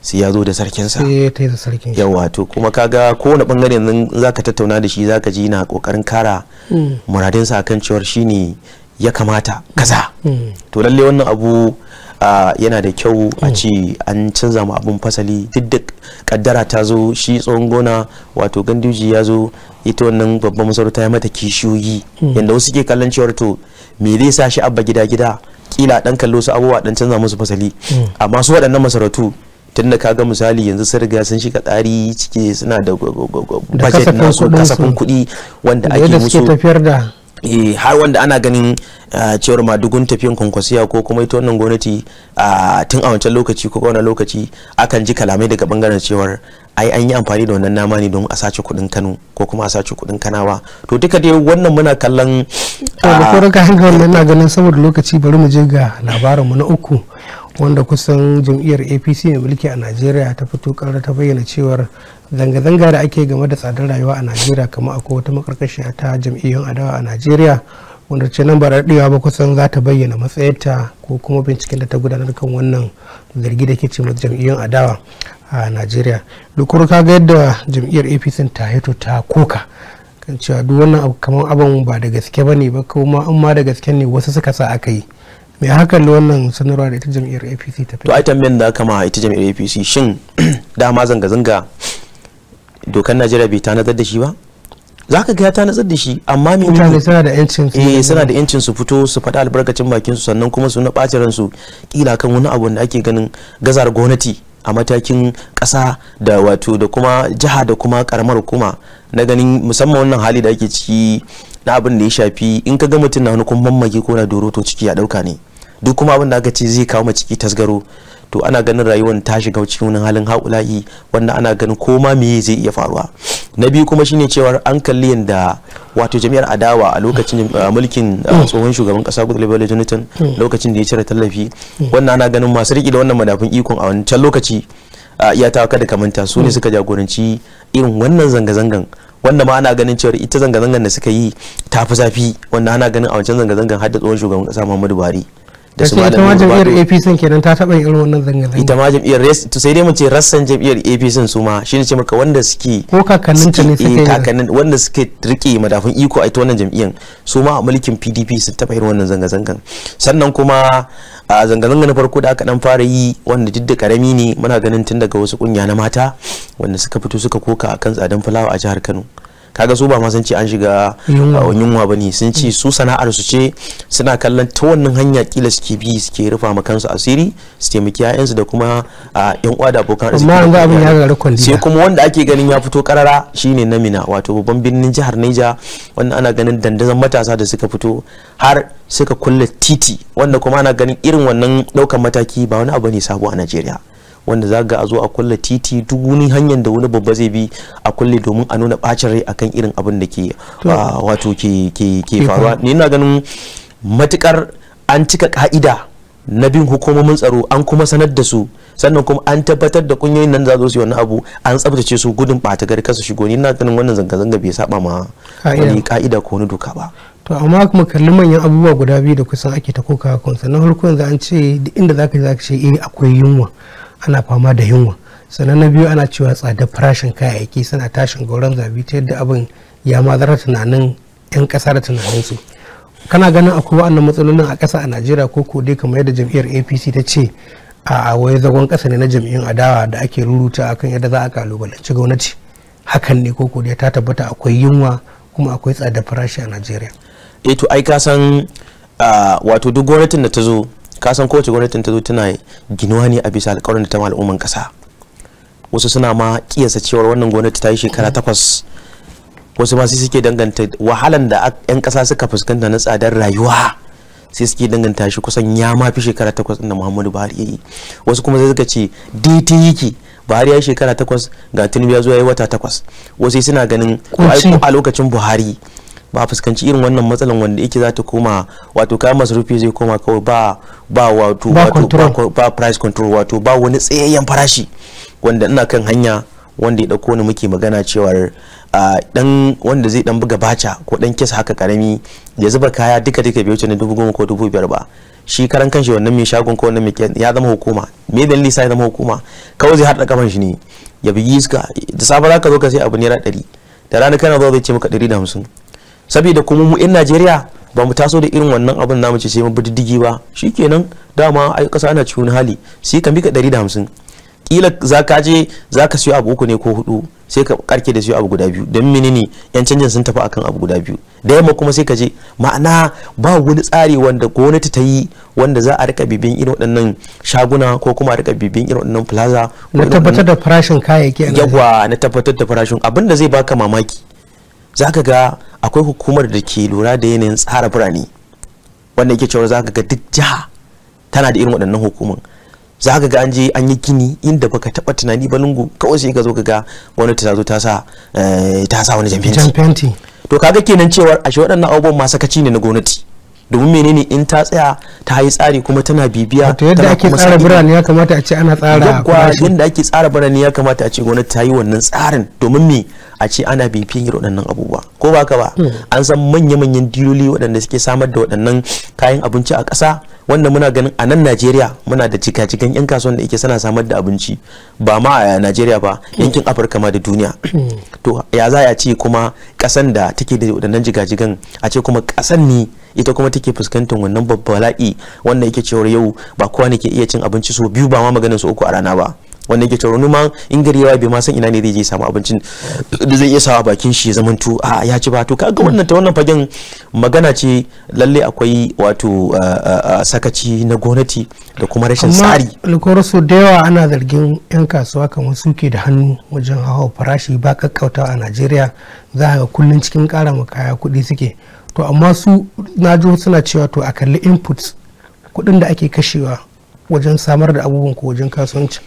sai ya zo da sarkin sa sai ta da sarkin yawa to kuma kaga kowane bangare nan zaka tattauna da shi zaka ji na kokarin kara muradin sa kan cewar shine ya kamata kaza to lalle wannan abu yana da kyau a ce an canza mu abun fasali duk da kaddara ta zo shi tsohon gona wato ganduji ya zo ita wannan babban masarauta ya mata kishiyoyi hmm. yadda wasu ke kallon cewar to me zai sa shi abba gida gida kila dan kallo su abubuwa dan canza musu fasali hmm. amma su waɗannan masarautu tun da kaga misali yanzu sun riga sun shiga tsari cike suna da budget su kasafin kuɗi wanda ake musu Eh, har wanda ana ganin ah, cewar madugun tafiyan kwankwasiya ko kuma ita wannan gwamnati ah, tun a wancan lokaci ko wani lokaci akan ji kalamai daga bangaren cewar ai an yi amfani da wannan nama ne don a sace kudin kano ko kuma a sace kudin kanawa to duka dai wannan muna kallon da ah, ka kayan wannan na ganin saboda lokaci bari mu je ga labarinmu na uku wanda kusan jam'iyyar apc mai mulki a najeriya ta fito karar ta bayyana cewar zanga-zanga da ake game da tsadar rayuwa a najeriya kamar akwai wata makarkashiya ta jam'iyyun adawa a najeriya wanda ce nan ba daɗewa ba kusan za ta bayyana matsayarta ko kuma binciken da ta gudanar kan wannan zargi da ke ce masu jam'iyyun adawa a najeriya duk ka ga yadda jam'iyyar apc ta hito ta koka kan cewa duk wannan abu kamar abin ba da gaske ba ne ba kuma in ma da gaske ne wasu suka sa aka yi me hakan da wannan sanarwa da ita jam'iyyar apc ta to ai tambayan da aka ma ita jam'iyyar apc shin dama zanga-zanga dokar najeriya bai tanadar da shi ba za ka ga ta nazar da shi amma mutane suna da yancin su eh suna da yancin su fito su faɗa albarkacin bakin su sannan kuma su na ɓacin ransu kila kan wani abu da ake ganin gazar gwamnati a matakin ƙasa da wato da kuma jiha da kuma karamar hukuma na ganin musamman wannan hali da ake ciki na abin da ya shafi in ka ga mutum na wani kuma mamaki ko na doro to ciki ya ɗauka ne duk kuma abin da aka ce zai kawo ma ciki tasgaro to ana ganin rayuwar ta shiga cikin wani halin haƙulayi wanda ana ganin koma me zai iya faruwa na biyu kuma shine cewar an kalli yadda wato jami'ar adawa a lokacin uh, mulkin uh, hmm. tsohon shugaban kasa goodluck jonathan hmm. lokacin da ya cire tallafi hmm. wannan ana ganin masu riƙe da wannan madafin ikon a wancan lokaci iya uh, ta kada kamanta su ne suka jagoranci irin wannan zanga-zangan wanda ma ana ganin cewar ita zanga-zangan da suka yi ta fi zafi wanda ana ganin a wancan zanga-zangan har da tsohon shugaban kasa muhammadu buhari da su ita ma jam'iyyar apc kenan ta taɓa irin wannan zanga-zanga ita ma jam'iyyar to sai dai mu ce rassan jam'iyyar apc su ma shine ce maka wanda suke ko kakannin ta ne suke eh, kakannin wanda suke rike madafun iko a ita wannan jam'iyyar su ma a mulkin pdp su taɓa irin wannan zanga-zangan sannan kuma a zanga-zanga na farko da aka dan fara yi wanda duk da karami ne muna ganin tun daga wasu kungiya na mata wanda suka fito suka koka akan tsadan fulawa a jihar kano kaga su ba ma sun ce an shiga yunwa uh, ba ne sun ce mm. su sana'ar su ce suna kallon ta wannan hanya kila suke bi suke rufa ma kansu asiri su taimaki su da kuma yan uh, uwa da abokan arziki amma abin ya sai kuma wanda ake ganin ya fito karara shine namina wato babban birnin jihar Niger wanda ana ganin dandazon matasa da suka fito har suka kulle titi wanda kuma ana ganin irin wannan ɗaukan mataki ba wani abu ne sabo a Najeriya wanda za ga a zo a kulle titi duk wani hanyar da wani babba zai bi a kulle domin a nuna bacin rai akan irin abin da ke ah, wato ke faruwa ne ina ganin matukar an cika ka'ida na bin hukumomin tsaro an kuma sanar da su sannan kuma an tabbatar da kunyoyin nan za su yi wani abu an tsabtace su gudun bata gari kasa shigo ni na ganin wannan zanga-zanga bai saba ma wani ka'ida ko wani doka ba to amma kuma kalli manyan abubuwa guda biyu da kusan ake ta koka kansa na farko yanzu an ce inda zaka je zaka ce eh akwai yunwa ana fama da yunwa sannan na biyu ana cewa tsadar farashin kayayyaki suna tashin gauran zabi ta yadda abin ya mazara tunanin 'yan kasa da tunaninsu kana ganin akwai wa'annan matsalolin a ƙasa a najeriya ko ko dai kamar yadda jam'iyyar apc ta ce a wai zagon ƙasa ne na jam'iyyun adawa da ake ruruta akan yadda za a kalubalanci gwamnati hakan ne ko ko dai ta tabbata akwai yunwa kuma akwai tsadar farashi a najeriya eh to ai ka san ah, wato duk gwamnatin da ta zo ka san kowace gwamnatin ta zo tana ginuwa ne a bisa alƙawarin da ta ma al'umman ƙasa wasu suna ma kiyasa cewa wannan gwamnati ta yi shekara takwas wasu ma sai suke danganta wahalan da 'yan ƙasa suka fuskanta na tsadar rayuwa sai suke danganta shi kusan ya ma fi shekara takwas inda muhammadu buhari ya yi wasu kuma sai suka ce daidai yake buhari ya yi shekara takwas ga tinubu ya zo ya yi wata takwas wasu suna ganin a lokacin buhari ba a fuskanci irin wannan matsalan wanda yake za ta koma wato kayan masarufi zai koma kawai ba ba wato ba price control wato ba wani tsayayyen farashi wanda ina kan hanya wanda ya dauko ni muke magana cewar dan wanda zai dan buga baca ko dan kisa haka karami ya zuba kaya duka duka bai wuce ne dubu goma ko dubu biyar ba shi karan kanshi wannan mai shagon ko wannan mai ya zama hukuma me dalili sai zama hukuma kawai zai hada kafan shi ne ya bugi iska da safe ka zo ka sai abu naira dari da rana kana zo zai ce maka 150 da hamsin saboda kuma mu in najeriya ba mu taso da irin wannan abin namu ce sai mu bididdigi ba shikenan dama ai kasa ana cikin hali sai ka mika 150 kila za ka je za ka siyo abu uku ne ko hudu sai ka karke da siyo abu guda biyu don menene yan canjin sun tafi akan abu guda biyu da yamma kuma sai ka je ma'ana ba wani tsari wanda gwamnati ta yi wanda za a rika bibin irin waɗannan shaguna ko kuma a rika bibin irin waɗannan plaza na tabbatar da farashin kayayyaki yawa na tabbatar da farashin abin da zai baka mamaki za ka ga akwai hukumar da ke lura da yanayin tsara birane wanda yake cewa za ka ga duk jiha tana da irin waɗannan hukumar za ka ga an je an yi gini inda baka taɓa tunani ba lungu kawai sai ka zo ka ga wani ta zo ta sa eh, ta sa wani jamfenti. to kaga kenan cewar ashe waɗannan abubuwan ma sakaci ne na gwamnati domin menene in ta tsaya ta yi tsari kuma tana bibiya to yadda ake tsara birane ya kamata a ce ana tsara yadda ake tsara birane ya kamata a ce gwamnati ta yi wannan tsarin domin me a ce ana bibiyan irin waɗannan abubuwa ko ba ka ba hmm. an san manya-manyan diloli waɗanda suke samar da waɗannan kayan abinci a ƙasa wanda muna ganin a nan Najeriya muna da cika-cikan 'yan kasuwan da yake sana samar da abinci ba ma a Najeriya ba yankin Afirka ma da duniya hmm. to ya za a ce kuma ƙasan da take da waɗannan jigajigan a ce kuma ƙasan ne ita kuma take fuskantar wannan babbala'i bala'i wanda yake cewa yau ba kowa ne ke iya cin abinci so biyu ba ma maganin su uku a rana ba wannan ke cewa ma in gari ya bai ma san ina ne zai je samu abincin da zai iya sawa bakin shi ya to a ya ci ba to kaga wannan ta wannan fagen magana ce lalle akwai wato sakaci na gwamnati da kuma rashin tsari amma so da yawa ana zargin yan kasuwa kamar suke da hannu wajen hawa farashi ba kakkautawa a Najeriya za ga kullun cikin kara kaya kuɗi suke to amma su na ji suna cewa to a kalli inputs kuɗin da ake kashewa wajen samar da abubuwan ko wajen kasuwanci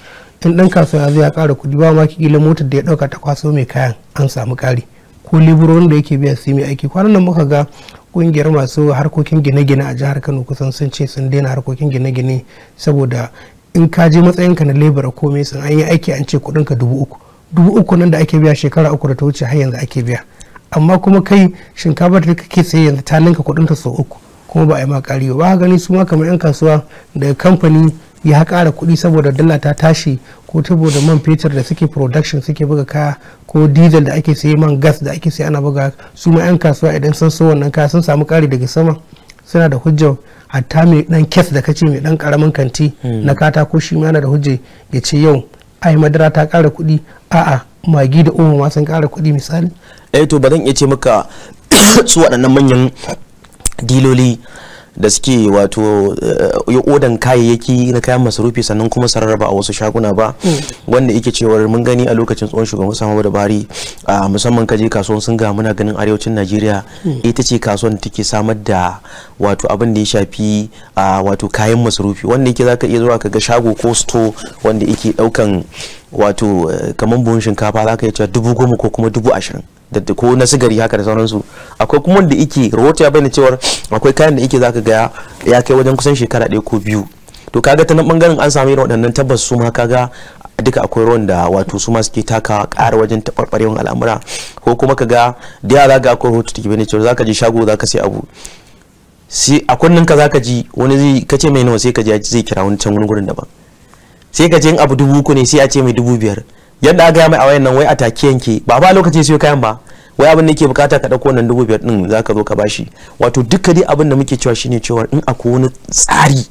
in dan kasuwa zai ya kudi kuɗi ba ma kila motar da ya ɗauka ta kwaso mai kayan an samu kari ko leburon wanda yake biya su mai aiki kwanan nan muka ga kungiyar masu harkokin gine-gine a jihar kano kusan sun ce sun daina harkokin gine-gine saboda in ka je matsayin ka na lebura komai sun an yi aiki an ce kuɗinka dubu uku dubu uku nan da ake biya shekara uku da ta wuce har yanzu ake biya amma kuma kai shinkafa da kake sai yanzu ta ninka ta sau uku kuma ba a yi ma kari ba gani su ma kamar 'yan kasuwa daga kamfani ya kara kuɗi saboda dala ta tashi ko saboda man fetur da suke production suke buga kaya ko diesel da ake sayi man gas da ake sayi ana buga su ma 'yan kasuwa idan sun so wannan kaya sun samu kari daga sama suna da hujjar hatta mai dan kes da kace mai dan karamin kanti hmm. na katako shi ma yana da hujjar ya ce yau ai madara ta kara kuɗi a'a magi da omo ma sun kara kuɗi misali eh to ba zan iya ce maka su waɗannan manyan diloli da suke wato eh, ya odan kayayyaki na kayan masarufi sannan kuma sararraba a wasu shaguna ba mm. wanda yake cewar mun gani a lokacin tsohon shugaban sama da bari musamman kaje kasuwan sun ga muna ganin arewacin najeriya mm. ita ce kasuwan da take samar da wato abin da ya shafi wato kayan masarufi wanda yake zaka iya zuwa ka shago ko sto wanda yake daukan wato eh, kamar buhun shinkafa zaka iya cewa dubu goma ko kuma dubu ashirin da ko na sigari haka da sauransu akwai kuma da yake rahoto ya bayyana cewar akwai kayan da yake ka ga ya kai wajen kusan shekara ɗaya ko biyu to kaga ta nan bangaren an samu irin waɗannan tabbas su ma kaga duka akwai ruwan da wato su ma suke taka ƙara wajen taɓarɓarewar al'amura ko kuma ka ga da yara ga akwai rahoto take bayyana cewar ka je shago za ka sai abu sai a kunnen ka za ka ji wani zai ce mai nawa sai ka ji zai kira wani can wani gurin daban sai ka ce in abu dubu uku ne sai a ce mai dubu biyar yadda aka mai a wayan nan wai a take yanke ba ba lokaci sai kayan ba wai abin da yake bukata ka dauko nan dubu biyar din zaka zo ka bashi wato duka dai abin da muke cewa shine cewa in akwai wani tsari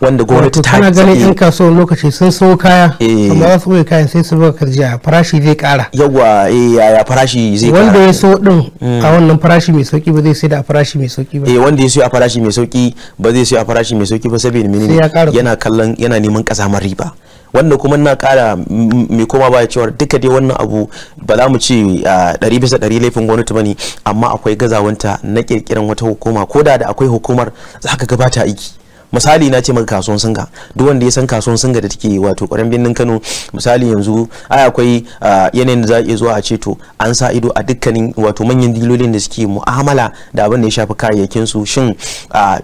wanda gwamnati ta kana ganin in kaso lokaci sun so kaya eh. amma za su mai kayan sai su baka karjiya farashi zai kara. yawa eh, yaya farashi zai kara. wanda ya so din mm. a wannan farashi mai sauki ba zai sai da a farashi mai sauki ba eh wanda ya so a farashi mai sauki ba zai sai a farashi mai sauki ba saboda menene yana kallon yana neman kasamar riba wanda kuma na kara mai koma baya cewar duka dai wannan abu ba za mu ce ɗari bisa ɗari laifin gwamnati ba ne amma akwai gazawanta na kirkiran wata hukuma ko da da akwai hukumar za ka gabata aiki misali na ce maka kasuwan singa duk wanda ya san kasuwan singa da take wato karan birnin kano misali yanzu ai akwai yanayin da za a zuwa a ce to an sa ido a dukkanin wato manyan dilolin da suke mu'amala da abin da ya shafi kayayyakin su shin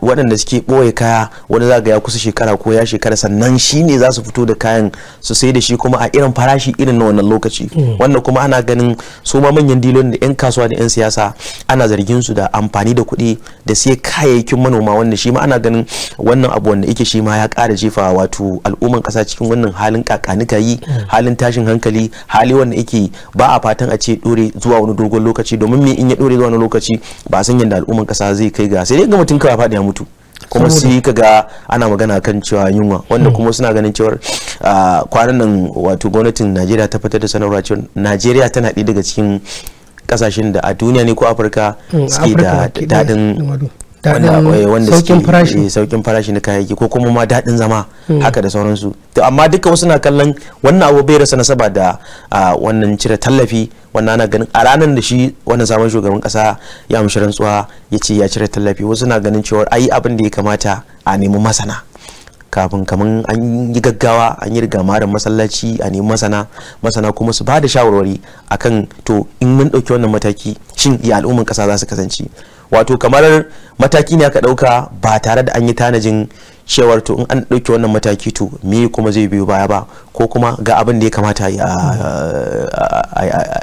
waɗanda suke ɓoye kaya wani za ga ya kusa shekara ko ya shekara sannan shi ne za su fito da kayan su sai da shi kuma a irin farashi irin na wannan lokaci mm. wannan kuma ana ganin su ma manyan dilolin da 'yan kasuwa da 'yan siyasa ana zargin su da amfani da kuɗi da sai kayayyakin manoma wanda shi ma ana ganin wannan abu wanda yake shi ma ya ƙara jefa wato al'umman ƙasa cikin wannan halin kakanika yi mm. halin tashin hankali hali wanda yake ba a fatan a ce dore zuwa wani dogon lokaci domin me in ya dore zuwa wani lokaci ba san yadda al'umman ƙasa zai kai ga sai dai ga mutum kawai faɗi ya mutu kuma sai ga ana magana kan cewa yunwa wanda mm. kuma suna ganin cewar kwanan nan wato gwamnatin najeriya ta fitar da sanarwa cewa najeriya tana ɗaya daga cikin kasashen da a duniya ne ko afirka mm, suke da dadin. saukin farashi eh, saukin farashi na kayayyaki ko kuma ma daɗin zama hmm. haka da sauransu to amma duka wasu na kallon wannan abu bai rasa nasaba da wannan cire tallafi wannan ana ganin a ranar da shi wannan sabon shugaban kasa ya amshi rantsuwa ya ce ya cire tallafi wasu na ganin cewa ayi abin da ya kamata a nemi masana kafin kaman an yi gaggawa an yi rigamarin masallaci a nemi masana masana kuma su ba da shawarwari akan to in mun ɗauki wannan mataki shin ya al'umman ƙasa za su kasance wato kamar mataki ne aka ɗauka ba tare da an yi tanajin cewar to in an dauke wannan mataki to me kuma zai biyo baya ba ko kuma ga abin da ya kamata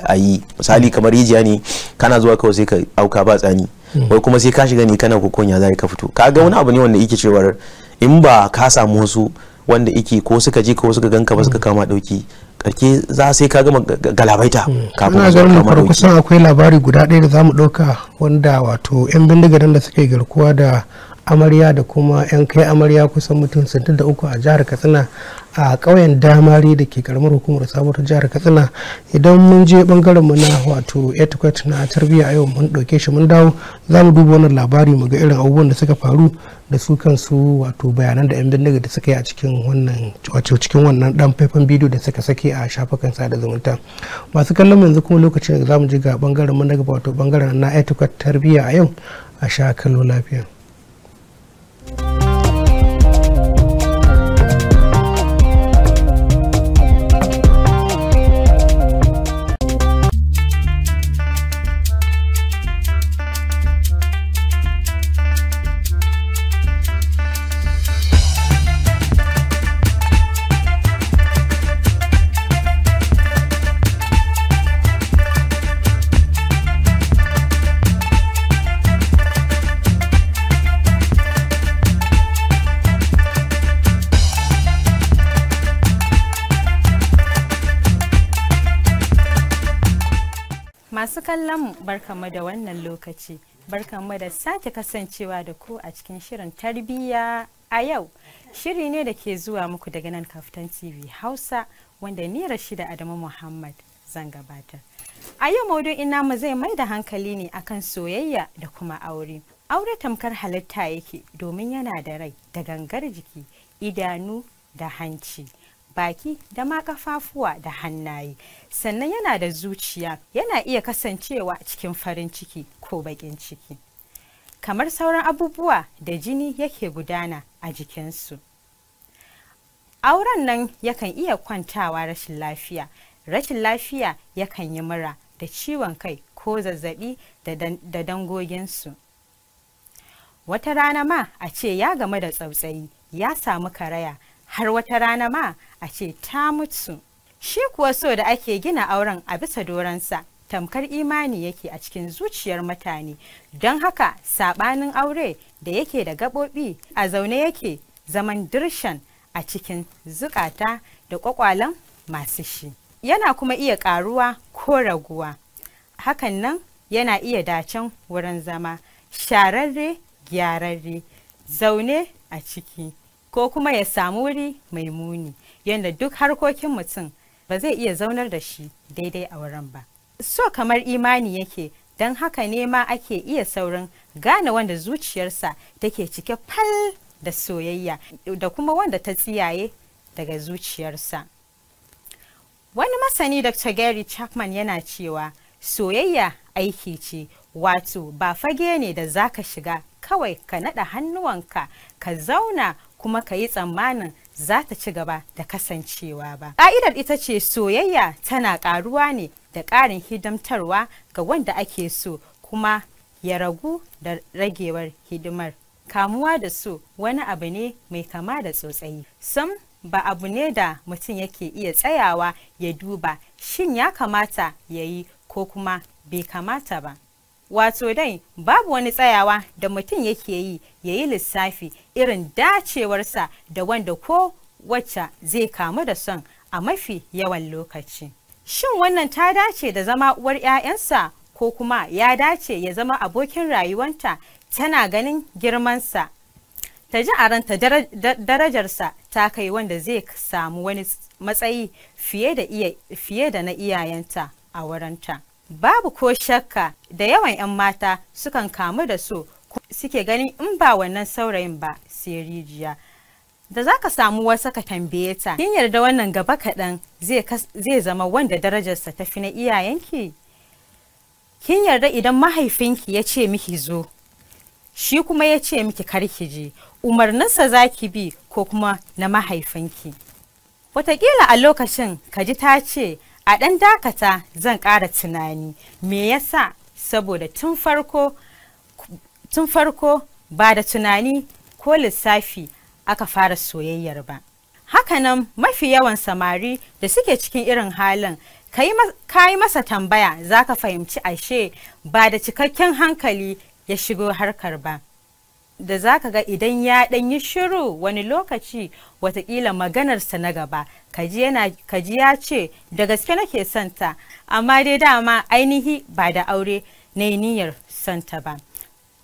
a yi misali kamar rijiya ne kana zuwa kawai sai ka auka ba tsani hmm. wai kuma sai ka shiga ne kana ya zai ka fito ka ga wani abu ne wanda yake cewar in ba ka samu wasu wanda yake ko suka je ko suka ganka ba suka kama dauki kake za sai ka gama galabaita hmm. kafin na garin da kusan akwai labari guda ɗaya da za mu ɗauka wanda wato yan bindiga da suka yi garkuwa da amarya da kuma 'yan kai amarya kusan mutum 63 a jihar katsina a ƙauyen damari da ke karamar hukumar sabuwar jihar katsina idan mun je bangaren mu na wato etiquet na tarbiyya a yau mun ɗauke shi mun dawo za mu duba wannan labari mu ga irin abubuwan da suka faru da su kansu wato bayanan da 'yan bindiga da suka yi a cikin wannan wato cikin wannan dan faifan bidiyo da suka sake a shafukan sada zumunta masu kallon yanzu kuma lokacin da za mu je ga bangaren mu na wato bangaren na etiquet tarbiyya a yau a sha kallo lafiya. kallon barkamu da wannan lokaci barkamu da sake kasancewa da ku a cikin shirin tarbiyya a yau shiri ne da ke zuwa muku daga nan kaftan tv hausa wanda ni rashida adamu muhammad zan gabatar a yau ina mu zai mai da hankali ne akan soyayya da kuma aure aure tamkar halitta yake domin yana da rai da gangar jiki idanu da hanci baki da ma kafafuwa da hannaye sannan yana da zuciya yana iya kasancewa cikin farin ciki ko baƙin ciki kamar sauran abubuwa da jini yake gudana a jikinsu auren nan yakan iya kwantawa rashin lafiya rashin lafiya yakan yi mura da ciwon kai ko zazzabi da dangoginsu wata rana ma a ce ya game da tsautsayi ya samu karaya har wata rana ma a ce ta mutu shi kuwa so da ake gina auren a bisa doransa tamkar imani yake a cikin zuciyar mutane don haka sabanin aure da yake da gaɓoɓi a zaune yake zaman dirshan a cikin zukata da kwakwalen masu shi yana kuma iya ƙaruwa ko raguwa hakan nan yana iya dacen wurin zama shararre gyararre zaune a ciki ko kuma ya samu wuri mai muni yadda duk harkokin mutum ba zai iya zaunar da shi daidai a wurin ba so kamar imani yake don haka ne ma ake iya saurin gane wanda zuciyarsa take cike fal da soyayya da kuma wanda ta tsiyaye daga zuciyarsa wani masani dr gary chapman yana cewa soyayya aiki ce wato ba fage ne da zaka shiga kawai ka naɗa hannuwanka ka zauna kuma ka yi tsammanin za ta ci gaba da kasancewa ba. Ƙa'idar ita ce soyayya tana ƙaruwa ne da ƙarin hidimtarwa ga wanda ake so kuma ya ragu da ragewar hidimar. Kamuwa da so wani abu ne mai kama da tsotsayi. Sam ba abu ne da mutum yake iya tsayawa ya duba shin ya kamata ya yi ko kuma bai kamata ba. Wato dai babu wani tsayawa da mutum yake yi ya yi lissafi irin dacewarsa da wanda ko wacce zai kamu da son a mafi yawan lokaci. Shin wannan ta dace da zama uwar 'ya'yansa ko kuma ya dace ya zama abokin rayuwanta tana ganin girmansa. Ta ji a ranta darajarsa ta kai wanda zai samu wani matsayi fiye da na iyayenta a wurinta. Babu ko shakka da yawan 'yan mata sukan kamu da su suke ganin in ba wannan saurayin ba sai rijiya da za ka samu wasu ka tambaye ta kin yarda wannan gaba kaɗan zai zama wanda darajarsa ta fi na iyayenki kin yarda idan mahaifinki ya ce miki zo shi kuma ya ce miki ki je umarninsa za ki bi ko kuma na mahaifinki Watakila a lokacin ka ji ta ce a ɗan dakata zan ƙara tunani me yasa saboda tun farko ba da tunani ko lissafi aka fara soyayyar ba. Hakanan mafi yawan samari da suke cikin irin halin ka yi masa tambaya za ka fahimci ashe ba da cikakken hankali ya shigo harkar ba. Da za ka ga idan ya ɗan yi shiru wani lokaci watakila maganarsa na gaba kaji ya ce da gaske nake santa amma dai dama ainihi ba da aure na niyyar santa ba.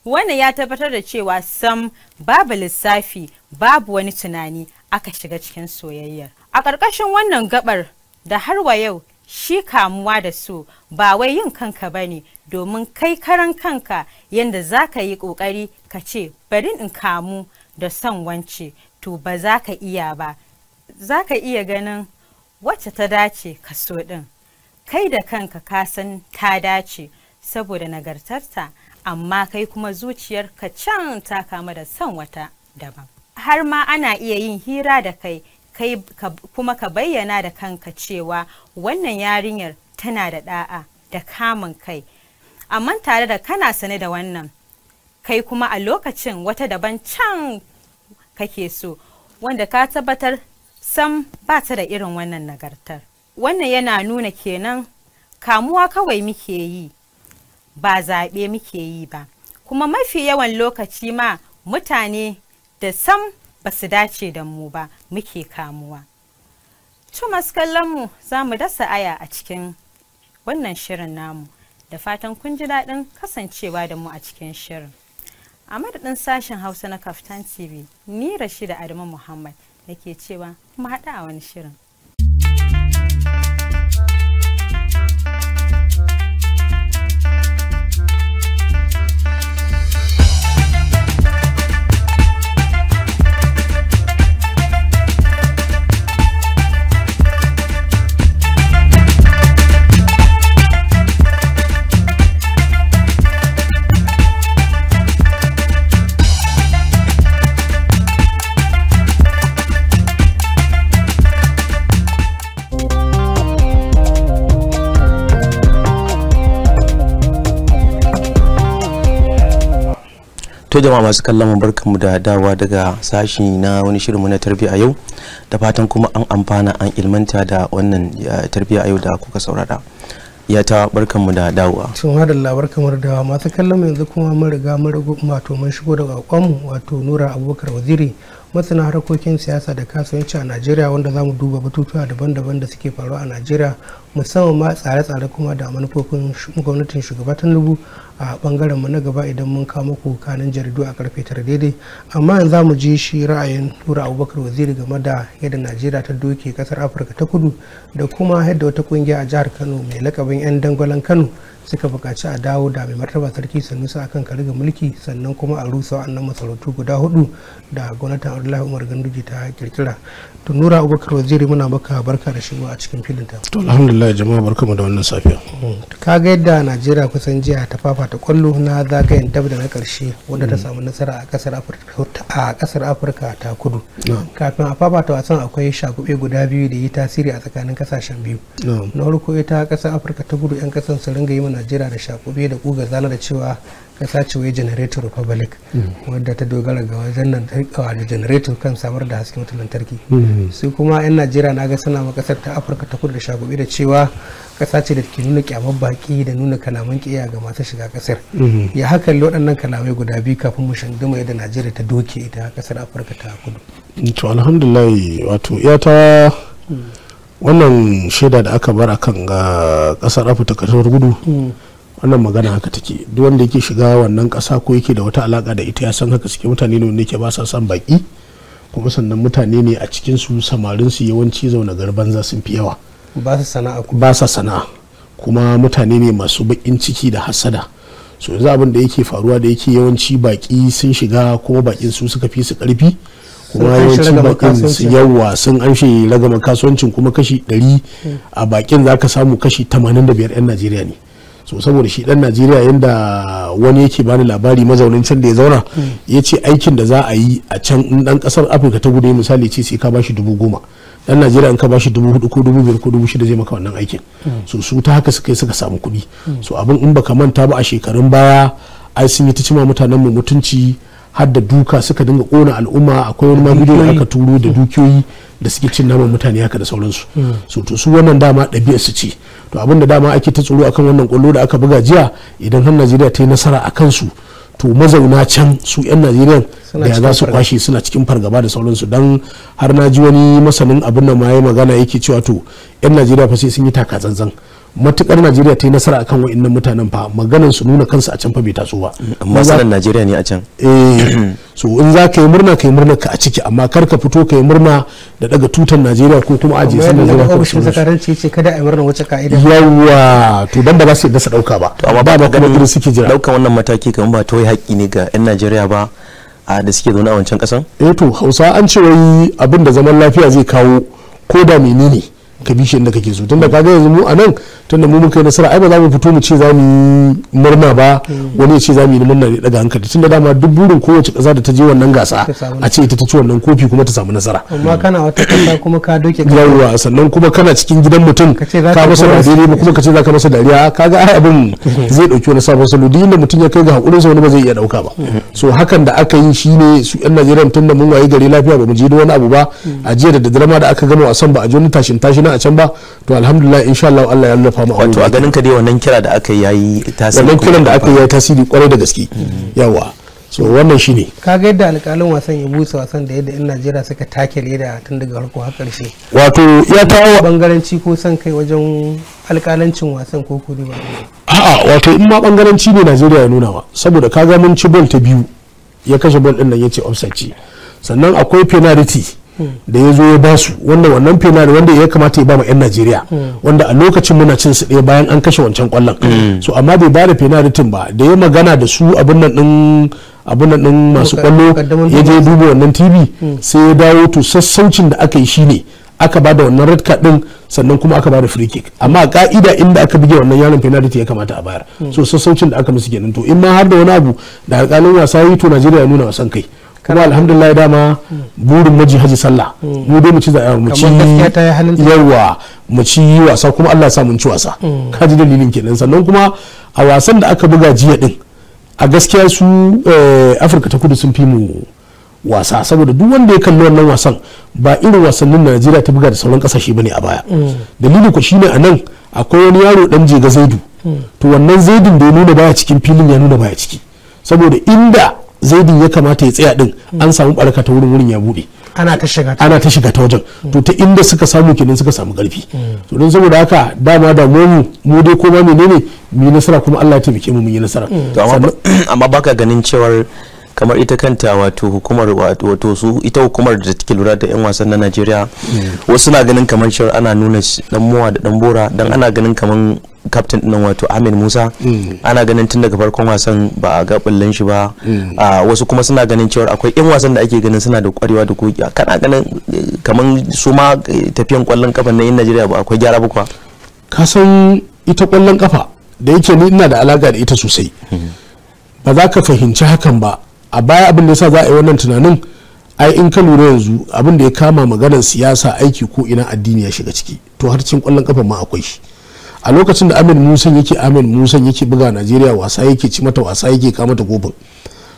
wannan ya tabbatar da cewa sam babu lissafi babu wani tunani aka shiga cikin soyayya a ƙarƙashin wannan gabar da har wa yau shi kamuwa da su ba wai yin kanka ba ne domin kai karan kanka yadda za ka yi ƙoƙari ka ce bari in kamu da son wance to ba za ka iya ba za ka iya ganin wacce ta dace ka so ɗin kai da kanka ka san ta dace saboda nagartarta amma kai kuma zuciyar ka can ta kama da son wata daban har ma ana iya yin hira da kai kai kuma ka bayyana da kanka cewa wannan yarinyar tana da da'a da kamun kai amma tare da kana sane da wannan kai kuma a lokacin wata daban can kake so wanda ka tabbatar sam ba ta da irin wannan nagartar wannan yana nuna kenan kamuwa kawai muke yi ba zaɓe muke yi ba kuma mafi yawan lokaci ma mutane da sam ba su dace da mu ba muke kamuwa kallon mu za mu dasa aya a cikin wannan shirin namu da fatan kun ji daɗin kasancewa da mu a cikin shirin a madadin sashen hausa na kaftan tv ni rashida adamu muhammad ke cewa mu haɗa a wani shirin to jama'a masu kallon mu barkanmu da dawa daga sashi na wani shirin mu na tarbiyya a yau da fatan kuma an amfana an ilmanta da wannan tarbiyya a yau da kuka saurara ya ta barkanmu da dawa. to madalla barkanmu da dawowa masu kallon mu yanzu kuma mun riga mun kuma wato mun shigo da mu wato nura abubakar waziri masana harkokin siyasa da kasuwanci a najeriya wanda zamu duba batutuwa daban-daban da suke faruwa a najeriya musamman ma tsare-tsare kuma da manufofin gwamnatin shugabatan lubu a bangaren mu na gaba idan mun kawo muku kanin jaridu a karfe tara daidai amma yanzu za mu ji shi ra'ayin tura abubakar waziri game da yadda najeriya ta doke kasar afirka ta kudu da kuma yadda wata kungiya a jihar kano mai lakabin yan dangwalen kano suka buƙaci a dawo da mai martaba sarki sanusi akan ga mulki sannan kuma a rusa wa'annan masarautu guda hudu da gwamnatin abdullahi umar ganduje ta kirkira to nura abubakar waziri muna maka barka da shigo a cikin filin ta to alhamdulillah jama'a barkamu da wannan safiya mm. ka ga yadda najeriya kusan jiya ta fafa ta kwallo na zagayen dab da na karshe wanda ta mm. samu nasara a kasar afirka a kasar afirka ta kudu kafin a fafa ta wasan akwai shagube guda biyu da yi tasiri a tsakanin kasashen biyu na farko ita kasar afirka ta kudu yan kasar su ringa yi ma najeriya da shagube da kuga zana da cewa kasa ce wai generator republic mm. wadda ta dogara ga wajen nan da generator kan samar da hasken wutar lantarki mm. su kuma yan najeriya na ga suna kasar ta afirka ta kudu da shagobi da cewa kasa ce da ke nuna kyamar baki da nuna kalaman kiya ga masu shiga kasar mm. ya haka waɗannan kalamai guda biyu kafin mu shanduma yadda najeriya ta doke ita kasar afirka ta kudu to alhamdulillah wato iya ta wannan shaida da aka bar akan ga kasar afirka ta gudu. wannan magana haka take duk wanda yake shiga wannan kasa ko yake da wata alaka da ita ya san haka suke mutane ne wanda yake ba sa son baki kuma sannan mutane ne a cikin su samarin su yawanci zauna garban za sun fi yawa ba sa sana'a ba sa sana'a kuma mutane ne masu baƙin ciki da hasada so yanzu abin da yake faruwa da yake yawanci baki sun shiga kuma bakin su suka fi su karfi kuma yawanci bakin su yawa sun amshe ragama kasuwancin kuma kashi 100 hmm. a bakin za ka samu kashi 85 'yan najeriya ne so saboda shi dan najeriya yadda wani yake bani labari mazaunin can da ya zauna ya ce aikin da za a yi a can dan kasar afirka ta gudu misali ce sai ka bashi dubu goma dan najeriya in ka bashi dubu hudu ko dubu biyar ko dubu shida zai maka wannan aikin so su ta haka suka suka samu kuɗi so abin in baka manta ba a shekarun baya ai sun yi ta cima mutanen mu mutunci har da duka suka dinga kona al'umma akwai wani bidiyo da aka turo da dukiyoyi da suke cin naman mutane haka da sauransu so to su wannan dama ɗabi'ar su ce to abin da dama ake ta tsoro akan wannan kwallo da aka buga jiya idan har najeriya ta yi nasara a kansu to mazauna can su 'yan najeriya da ya za su kwashe suna cikin fargaba da sauransu don har na ji wani masanin abin da ma ya magana yake cewa to 'yan najeriya fa sai sun yi taka tsantsan matukar najeriya ta yi nasara akan wa'annan mutanen fa maganar su nuna kansu a can fa bai taso ba mm, amma sanan najeriya ne a can eh so in za ka yi murna ka yi murna ka a ciki amma kar ka fito ka yi murna da daga tutan najeriya ko kuma aje sun Najeriya ko shi zakaranci ce kada a yi murna wace ka'ida yawa to dan ba za su yi dasa dauka ba to amma ba ba kuma irin suke jira daukan wannan mataki kamar ba ta yi haƙƙi ne ga yan najeriya ba a da suke zaune a wancan kasan eh to hausa an ce wai abin da zaman lafiya zai kawo ko da menene ka bi shi inda kake so tunda kaga yanzu mu a nan tunda mu muka yi nasara ai ba za mu fito mu ce za mu yi murna ba wani ya ce za mu yi murna ne daga hankali tunda dama duk burin kowace ƙasa da ta je wannan gasa a ce ita ta ci wannan kofi kuma ta samu nasara amma kana wata kasa kuma ka doke ka yawa sannan kuma kana cikin gidan mutum ka masa dariya ba kuma ka ce za ka masa dariya kaga ai abin zai dauki wani sabon salo duk inda mutum ya kai ga hakurin sa wani ba zai iya dauka ba so hakan da aka yi shine su yan Najeriya tunda mun waye gari lafiya ba mu je wani abu ba a jiya da da da aka gama wasan ba a ji wani tashin tashi na a can ba to alhamdulillah insha Allah Allah ya tallafa mu wato a ganin ka dai wannan kira da aka yi tasiri wannan kiran da aka yayi tasiri kwarai da gaske mm. yawa so wannan shine kaga yadda alƙalin wasan ya busa wasan da yadda 'yan najeriya suka take leda tun daga farko har karshe wato ya tawo bangaranci ko san kai wajen alƙalancin wasan ko kuri ba a'a wato in ma bangaranci ne najeriya ya nuna wa saboda kaga mun ci bol ta biyu ya kashe bol din nan ya ce offside ce sannan akwai penalty da ya zo ya ba su wanda wannan fena da wanda ya kamata ya ba ma 'yan najeriya wanda a lokacin muna cin su ɗaya bayan an kashe wancan kwallon so amma bai ba da fenaritin ba da ya magana da su abin nan din masu kwallo ya je duba wannan tv mm. sai ya dawo to sassancin da aka yi shi ne. aka ba da wannan red card din sannan kuma aka ba da free kick amma a ka'ida inda aka buge wannan yaron penalty ya kamata a bayar mm. so sassancin da aka musu kenan to in ma har da wani abu da alƙalin wasa yi to najeriya ya nuna wasan kai kuma alhamdulillah dama burin maji haji sallah hmm. mu dai mu ci mu ci yawa mu ci wasa kuma Allah sa mun ci wasa hmm. kaji dalilin kenan sannan kuma a wasan da aka buga jiya din a gaskiya su eh, Afirka ta kudu sun fi mu wasa saboda duk wanda ya kalli wannan wasan ba irin wasannin Najeriya ta buga da sauran kasashe bane a baya hmm. dalilin ku shine a nan akwai wani yaro dan jega Zaidu to wannan Zaidun da ya nuna baya cikin filin ya nuna baya ciki saboda inda zaidi ya kamata ya tsaya din an samu baraka ta wurin wurin ya bude ana ta shiga ana ta shiga ta wajen to ta inda suka samu kenan suka samu garfi hmm. to don saboda haka dama da mu mu dai koma menene mu yi nasara kuma Allah ya taimake mu mun yi nasara hmm. amma baka ganin cewar kamar ita kanta wato hukumar wato su ita hukumar da take lura da 'yan wasan na najeriya mm. wasu na ganin kamar cewa ana nuna dan muwa da dan bora dan ana ganin kamar captain din wato Amin Musa mm. ana ganin tun daga farkon wasan ba a ga bullen shi ba mm. ah, wasu kuma suna ganin cewa akwai yan wasan da ake ganin suna da kwarewa da gogiya kana ganin eh, kaman su ma eh, tafiyan kwallon kafa na yan Najeriya ba akwai gyara ba kwa ka san ita kwallon kafa da yake ni ina da alaka da ita sosai ba za ka fahimci hakan ba a baya abin da yasa za a yi wannan tunanin ai in ka lura yanzu abin da ya kama maganar siyasa aiki ko ina addini ya shiga ciki to har cin kwallon kafa ma akwai shi a lokacin da amin musan yake amin musan yake buga najeriya wasa yake ci mata wasa yake kama ta gobin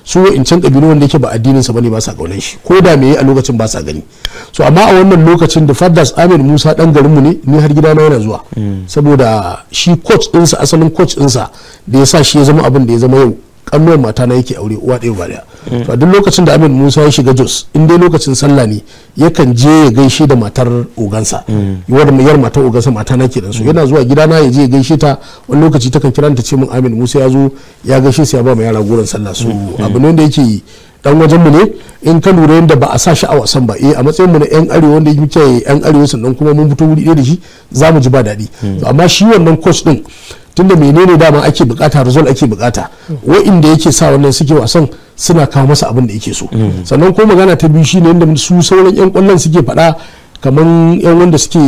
su in can kabilu wanda yake ba addinin sa bane ba sa gaunan shi ko da meye a lokacin ba sa gani so amma a wannan lokacin da Faddas amin Musa dan garin mu ne ni har gida na yana zuwa mm. saboda shi coach ɗinsa asalin coach ɗinsa da yasa shi ya zama abin da ya zama yau kannuwan mata na yake aure uwa ɗaya bariya ɗaya to duk lokacin da Ahmed Musa ya shiga Jos in dai lokacin sallah ne yakan je ya gaishe da matar ogansa mm. yawar yar matar ogansa mata na ke dan su mm. yana zuwa gida na ya je ya gaishe ta wani lokaci takan kira ta ce min Ahmed Musa ya zo ya gaishe sai ya ba mu yara goron sallah su mm. abu ne da yake dan wajen mu ne in ka lura yadda ba a sa shi a wasan ba eh a matsayin mu na yan arewa wanda yake yan arewa sannan kuma mun fito wuri ɗaya da shi za mu ji ba daɗi amma shi wannan coach din tunda menene dama ake bukata result ake bukata wa'inda yake sa wannan suke wasan suna kawo masa abin da yake so sannan ko magana ta biyu shine inda su sauran yan kwallon suke faɗa kamar yan wanda suke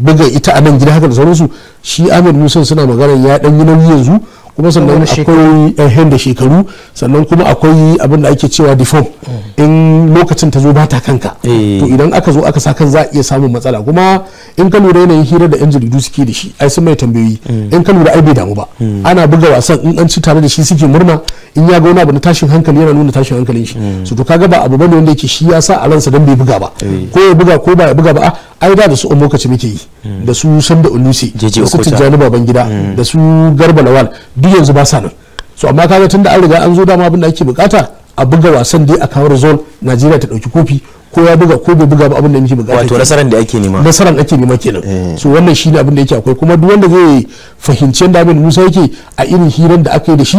buga ita a nan gida haka da sauransu shi amir musa suna magana ya dan yi nauyi yanzu kuma sannan akwai yan da shekaru sannan kuma akwai abin da ake cewa deform mm. in lokacin ta zo ba ta kanka eh. to idan aka zo aka sa kan za a iya samun matsala kuma in ka lura yanayin hira da yan jaridu suke da shi ai sun mai tambayoyi mm. in ka lura ai bai damu ba mm. ana buga wasan in an ci tare da shi suke murna in ya ga wani abu na tashin hankali yana nuna tashin hankalin shi su to kaga ba abu bane wanda yake shi ya sa a ransa dan bai buga ba eh. ko ya buga ko ba ya buga ba ai da su lokaci muke yi hmm. da su sanda ulusi da su tijjani baban gida hmm. da su garba lawal duk yanzu ba sa nan so amma kaga tunda an riga an zo dama abin da ake bukata a buga wasan dai a kawar zone najeriya ta dauki kofi ko ya buga ko bai buga ba abin da muke bukata wato nasaran da ake nema nasaran ake nema kenan eh. so wannan shine abin da yake akwai kuma duk wanda zai fahimci yadda abin musa yake a irin hirar da aka yi da shi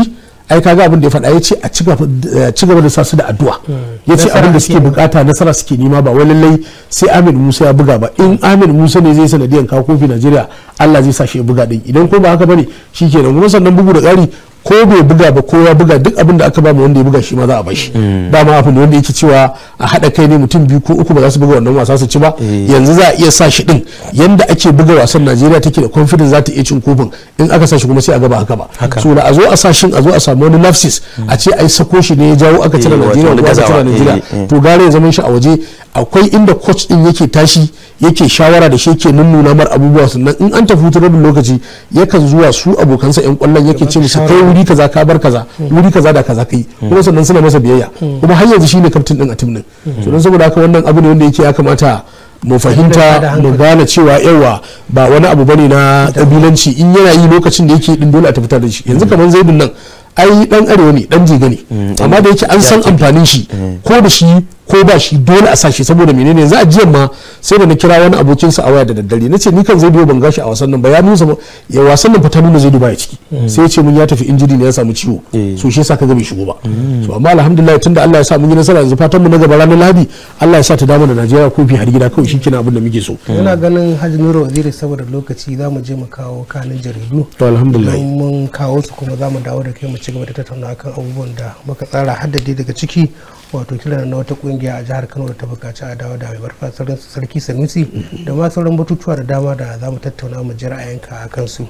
ai kaga abin da ya faɗa ya ce a ci gaba eh, da sa su da addu'a hmm. ya ce abin da suke bukata nasara suke nema ba wai lallai sai amin Musa ya buga ba in amin Musa ne zai sanadiyan kawo kofi Najeriya Allah zai sa shi ya buga din idan ko ba haka bane shi kenan kuma sannan bugu da ƙari ko bai buga ba kowa buga duk abin da aka ba wanda ya buga shi ma za a bashi hmm. ba ma abin wanda yake cewa a hada kai ne mutum biyu ko uku ba za su buga wannan wasa su ci ba hmm. yanzu za a iya sa shi din yanda ake buga wasan Najeriya take da confidence za ta iya cin kofin in aka sa shi kuma sai a gaba haka ba so a zo a sa shin a zo a samu wani nafsis hmm. a ce ai sako shi ne ya jawo aka cire eh, Najeriya ko aka cire Najeriya eh, eh. to gare ya zaman shi a waje akwai inda coach din yake tashi yake shawara da shi yake nunnuna mar abubuwa sannan in an tafi da lokaci yakan zuwa su abokansa yan kwallon yake ce musu kai wuri kaza ka bar kaza wuri kaza da kaza kai kuma sannan suna masa biyayya kuma har yanzu shine kaftin din a tim din dan saboda haka wannan abu ne wanda yake ya kamata mu fahimta mu gane cewa yawa ba wani abu bane na kabilanci in yana yi lokacin da yake din dole a tafi da shi yanzu kamar zaidun nan ai dan arewa ne dan jiga ne mm, amma da yake an san amfanin shi mm. ko da shi ko ba shi dole a sashi saboda menene za a jiya ma sai da na kira wani abokin sa a waya da daddare na ce ni kan zai biyo ban gashi a wasan nan ba ya nuna ya wasan nan fata nuna zai duba ya ciki mm. sai ya ce mun ya tafi injini ne ya samu ciwo eh. so shi yasa kaga bai shigo ba mm. so amma alhamdulillah tunda Allah ya sa mun yi nasara yanzu fatan mu na gaba ranar Lahadi Allah ya sa ta dama da Najeriya kofi har gida kawai shikenan abin da muke so ina mm. ganin Hajji Nuru Waziri saboda lokaci za mu je mu kawo kanin jaridu to alhamdulillah mun kawo su kuma za mu dawo da kai mu ci gaba da tattauna kan abubuwan da muka tsara haddade daga ciki wato kira na wata kungiya kungiya a jihar kano da ta bukaci a dawo da mai barfa sarki sanusi da ma sauran batutuwa da dama da za mu tattauna mu ji ra'ayinka a kansu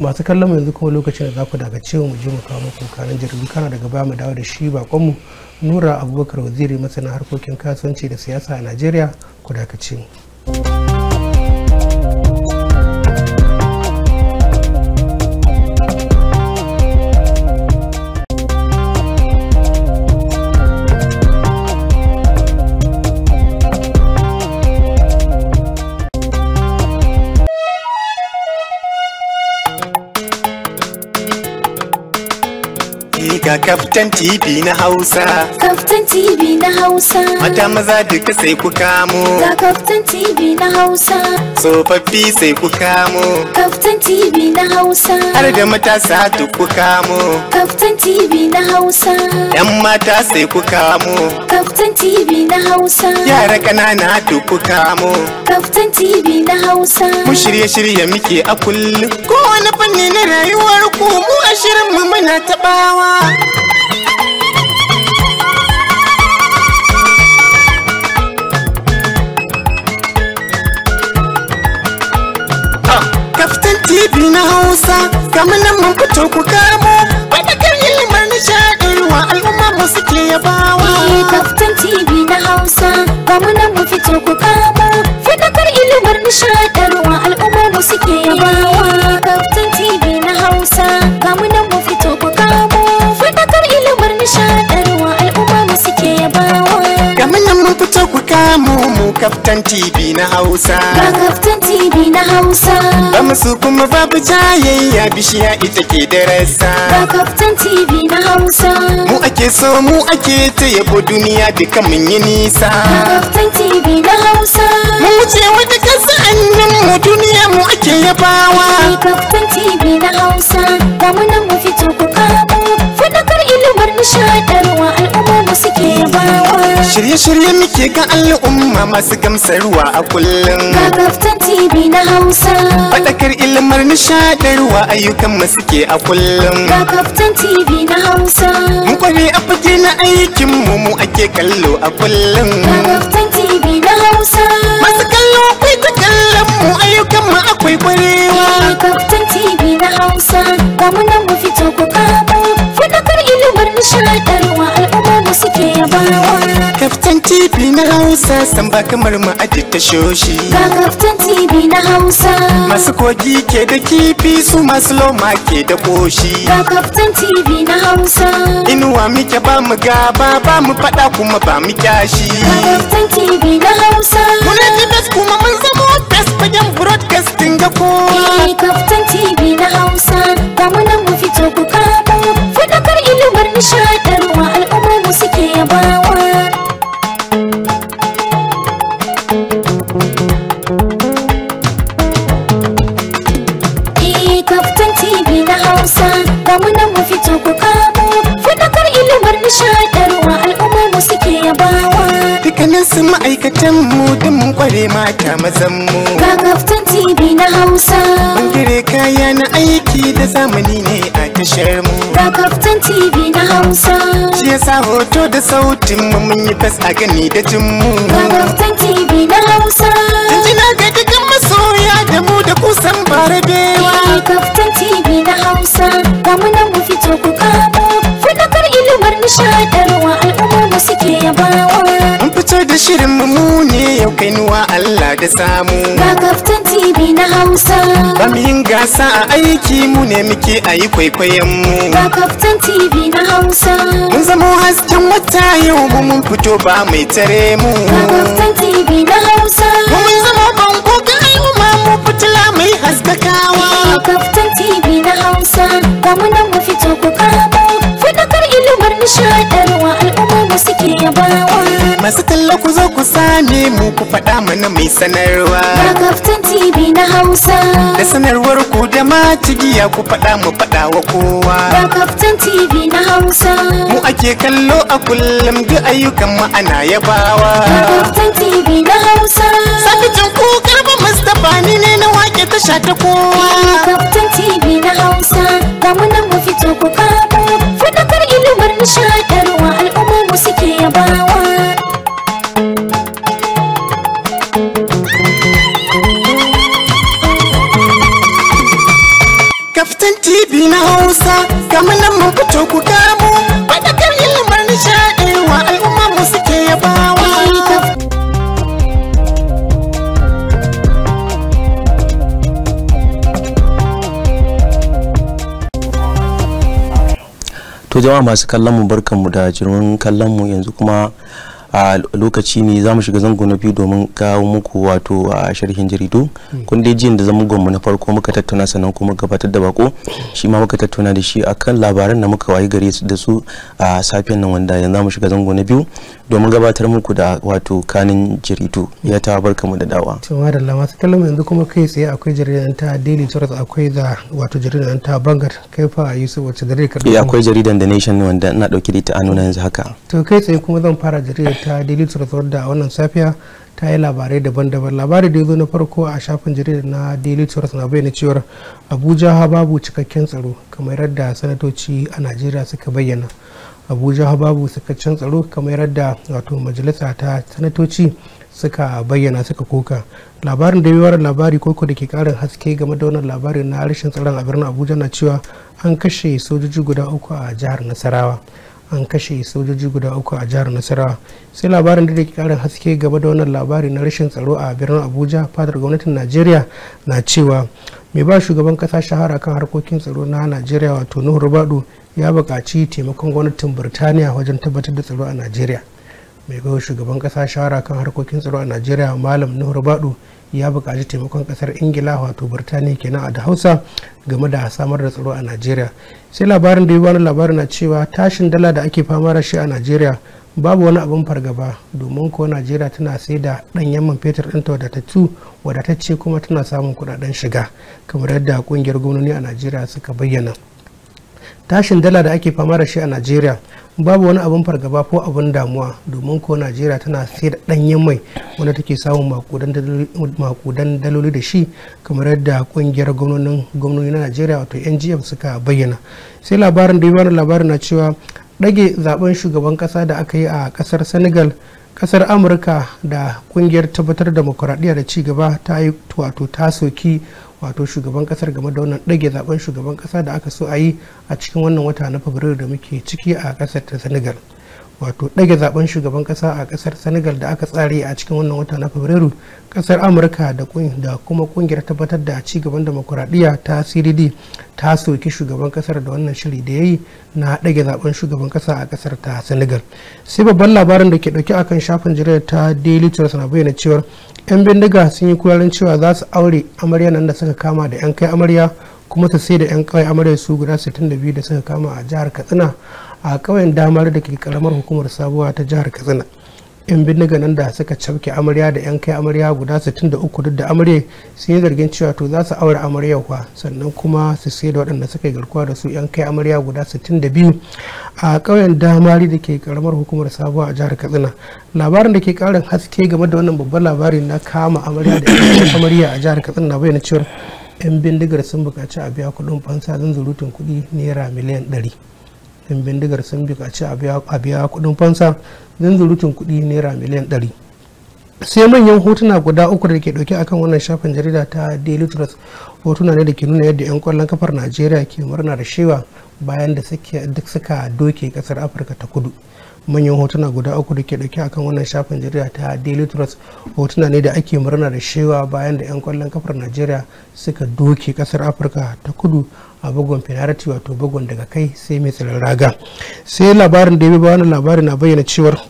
masu kallon mu yanzu kuma lokacin da za ku daga cewa mu je mu kawo muku kanin jirgin kana daga baya mu dawo da shi bakon mu nura abubakar waziri masana harkokin kasuwanci da siyasa a najeriya ku dakace mu. ga kaftan TV na Hausa. Kaftan TV na Hausa. Mata maza duka sai ku kamo. Ga kaftan TV na Hausa. Tsofaffi sai ku kamo. Kaftan TV na Hausa. Har da matasa duk ku kamo. Kaftan TV na Hausa. Yan mata sai ku kamo. Kaftan TV na Hausa. Yara ƙanana duk ku kamo. Kaftan TV na Hausa. Mu shirye-shirye muke a kullum. Kowane fanni na rayuwar ku mu a shirin mu muna tabawa. TV na Hausa kamar nan mun fito ku kamo fadakar ilmar nishaɗi wa al'umma mu suke yabawa. Eh kaftan TV na Hausa kamar nan mun fito ku kamo fadakar ilmar nishaɗi wa al'umma mu suke yabawa. Eh kaftan TV na Hausa kamar kaftan TV na Hausa. Ga kaftan TV na Hausa. Ba musu kuma babu jayayya bishiya ita ke darasa. Ga kaftan TV na Hausa. Mu ake so mu ake ta yabo duniya duka mun yi nisa. Ga kaftan TV na Hausa. Mu wuce wata kasa annan mu duniya mu ake yabawa. Ga kaftan TV na Hausa. Ga mu nan mu fito ku kawo. Fadakar ilimar nishadarwa al'umma. mu suke bawa shirye-shirye muke ga al'umma masu gamsarwa a kullum ga kaftan tv na hausa faɗakar ilimar nishaɗarwa ayyukan mu suke a kullum ga kaftan tv na hausa mu kware a fage na aikin mu mu ake kallo a kullum ga kaftan tv na hausa masu kallo akwai ta kallon mu ayyukan mu akwai kwarewa ga kaftan tv na hausa ga mu nan mu fito ku kaba faɗakar ilimar nishaɗarwa al'umma suke yabawa kaftan tv na hausa san ba kamar mu a ta shoshi ga kaftan tv na hausa masu kogi ke da kifi su masu loma ke da koshi ga kaftan tv na hausa inuwa muke ba mu gaba ba mu fada kuma ba mu kyashi ga kaftan tv na hausa muna ji kuma mun zamo tas fagen broadcasting ga ko eh kaftan tv na hausa ga mu nan mu fito ku kamo fadakar ilimin nishadarwa suke bawa eh, Kaftan TV na Hausa, ba mu nan mu fito ku kamo, fadakar ilimin nishadarwa al'ummar mu suke yabawa. nasu ma'aikatan mu din mun kware mata mazan mu gagaftan tv na hausa bangare kaya na aiki da zamani ne a tashar mu kaftan tv na hausa shi yasa hoto da sautin mu mun yi fas a gani da jin mu kaftan tv na hausa jinjina ga dukkan masoya da mu da kusan barabewa kaftan tv na hausa ga mu nan mu fito ku kamo fadakar ilimar nishadarwa al'ummar mu suke yabawa shirin mu ne yau nuwa Allah da samu. Ga kaftan TV na Hausa. Ba mu yin gasa a aiki mu ne muke a yi kwaikwayon mu. Ga kaftan TV na Hausa. Mun zamo hasken wata yau mu mun fito ba mai tare mu. Ga kaftan TV na Hausa. Mu mun zamo bango ga yau ma mu fitila mai haskakawa. Ga kaftan TV na Hausa. ba mu nan mu fito ku kamo. Fadakar ilimar nishadarwa al'umma mu suke yabawa. masu talla ku zo ku sani mu ku faɗa mana mai sanarwa Na kaftan tv na hausa da sanarwar ku da ma ku faɗa mu faɗa wa kowa Na kaftan tv na hausa mu ake kallo a kullum duk ayyukan mu ana yabawa Na kaftan tv na hausa jin ku karba mustapha ni ne na wake tasha ta kowa ga kaftan tv na hausa ga mu nan mu fito ku kamo fadakar ilimin nishaɗarwa al'umma mu suke yabawa na hausa kamar nan mun fito ku kamo yin ilmar nishaɗi wa al'umma mu suke yabawa to jama'a masu kallon mu barkan mu da jirgin kallon mu yanzu kuma a lokaci ne za mu shiga zango na biyu domin kawo muku wato a sharhin jaridu hmm. kun dai jiyan da zama mu na farko muka tattauna sannan kuma gabatar da bako shi ma muka tattauna da shi akan labaran da muka wayi gare da su a safiyan nan wanda yanzu mu shiga zango na biyu domin gabatar muku da wato kanin jaridu ya ta barka mu da dawa to madalla masu kallon yanzu kuma kai tsaye akwai jaridan ta daily trust akwai da wato jaridan ta bangar kai fa yusuf wacce da rai eh, akwai jaridan da nation wanda ina dauke da ita a nuna yanzu haka to kai tsaye kuma zan fara jaridan ta daily trust da wannan safiya ta yi labarai daban-daban labari da ya zo na farko a shafin jarida na daily trust na bayyana cewar abuja babu cikakken tsaro kamar yadda sanatoci a najeriya suka bayyana abuja babu cikakken tsaro kamar yadda wato majalisa ta sanatoci suka bayyana suka koka labarin da yawar labari koko da ke karin haske game da wannan labari na rashin tsaron a birnin abuja na cewa an kashe sojoji guda uku a jihar nasarawa an kashe sojoji guda uku a jihar nasara sai labarin da ke karin haske gaba da wannan labari na rashin tsaro a birnin abuja fadar gwamnatin najeriya na cewa mai ba shugaban kasa shahara kan harkokin tsaro na najeriya wato nuhu rubadu ya buƙaci taimakon gwamnatin birtaniya wajen tabbatar da tsaro a najeriya mai ba shugaban kasa shahara kan harkokin tsaro a najeriya malam nuhu rubadu ya buƙaci taimakon ƙasar ingila wato birtaniya kenan a da hausa game da samar da tsaro a najeriya sai labarin da yi wani labarin na cewa tashin dala da ake fama da shi a najeriya babu wani abin fargaba domin ko najeriya tana sai da ɗanyen man fetur ɗinta wadatattu wadatacce kuma tana samun kuɗaɗen shiga kamar yadda ƙungiyar gwamnoni a najeriya suka bayyana tashin dala da ake fama da shi a najeriya babu wani abin fargaba ko abin damuwa domin ko najeriya tana sai da danyen mai wanda take samun makudan daloli da shi kamar yadda kungiyar gwamnoni na najeriya wato ngm suka bayyana sai labarin da wani labarin na cewa ɗage zaben shugaban ƙasa da aka yi a ƙasar senegal ƙasar amurka da kungiyar tabbatar da da ci gaba ta yi wato ta soki wato shugaban kasar game da wannan ɗage zaben shugaban kasa da aka so a yi a cikin wannan wata na fabrairu da muke ciki a kasar ta senegal wato ɗage zaben shugaban kasa a kasar senegal da aka tsare a cikin wannan wata na fabrairu ƙasar amurka da kuma ƙungiyar tabbatar da ci gaban demokuraɗiyya ta cdd ta soki shugaban ƙasar da wannan shiri da ya yi na ɗage zaben shugaban kasa a kasar ta senegal sai babban labarin da ke ɗauke akan shafin jirgin ta daily trust na bayyana cewar 'yan bindiga sun yi kurarin cewa za su aure amarya nan da suka kama da 'yan kai amarya kuma su sai da 'yan kawai amarya su guda 62 da suka kama a jihar katsina a ƙauyen damar da ke karamar hukumar sabuwa ta jihar katsina yan bindiga nan da suka cafke amarya da yan kai amarya guda 63 duk da amarya sun yi zargin cewa to za su aure amarya kuwa sannan kuma su sai da waɗanda suka yi garkuwa da su yan kai amarya guda 62 a ƙauyen damari da ke karamar hukumar sabuwa a jihar katsina labarin da ke ƙarin haske game da wannan babban labari na kama amarya da 'yan amarya a jihar katsina na bayyana cewa yan bindigar sun buƙaci a biya kuɗin fansa zan zurutun kuɗi naira miliyan 100 'yan bindigar sun buƙaci a biya kuɗin fansa zunzurutun kuɗi naira miliyan ɗari sai manyan hotuna guda uku da ke ɗauke akan wannan shafin jarida ta daily trust hotuna ne da ke nuna yadda 'yan kwallon kafar najeriya ke murna da shewa bayan da duk suka doke ƙasar afirka ta kudu manyan hotuna guda uku da ke dauke akan wannan shafin jarida ta daily trust hotuna ne da ake murna da shewa bayan da 'yan kwallon kafar najeriya suka doke kasar afirka ta kudu a bugun finarati wato bugun daga kai sai mai tsirin raga sai labarin da ya bi wani labari na bayyana cewar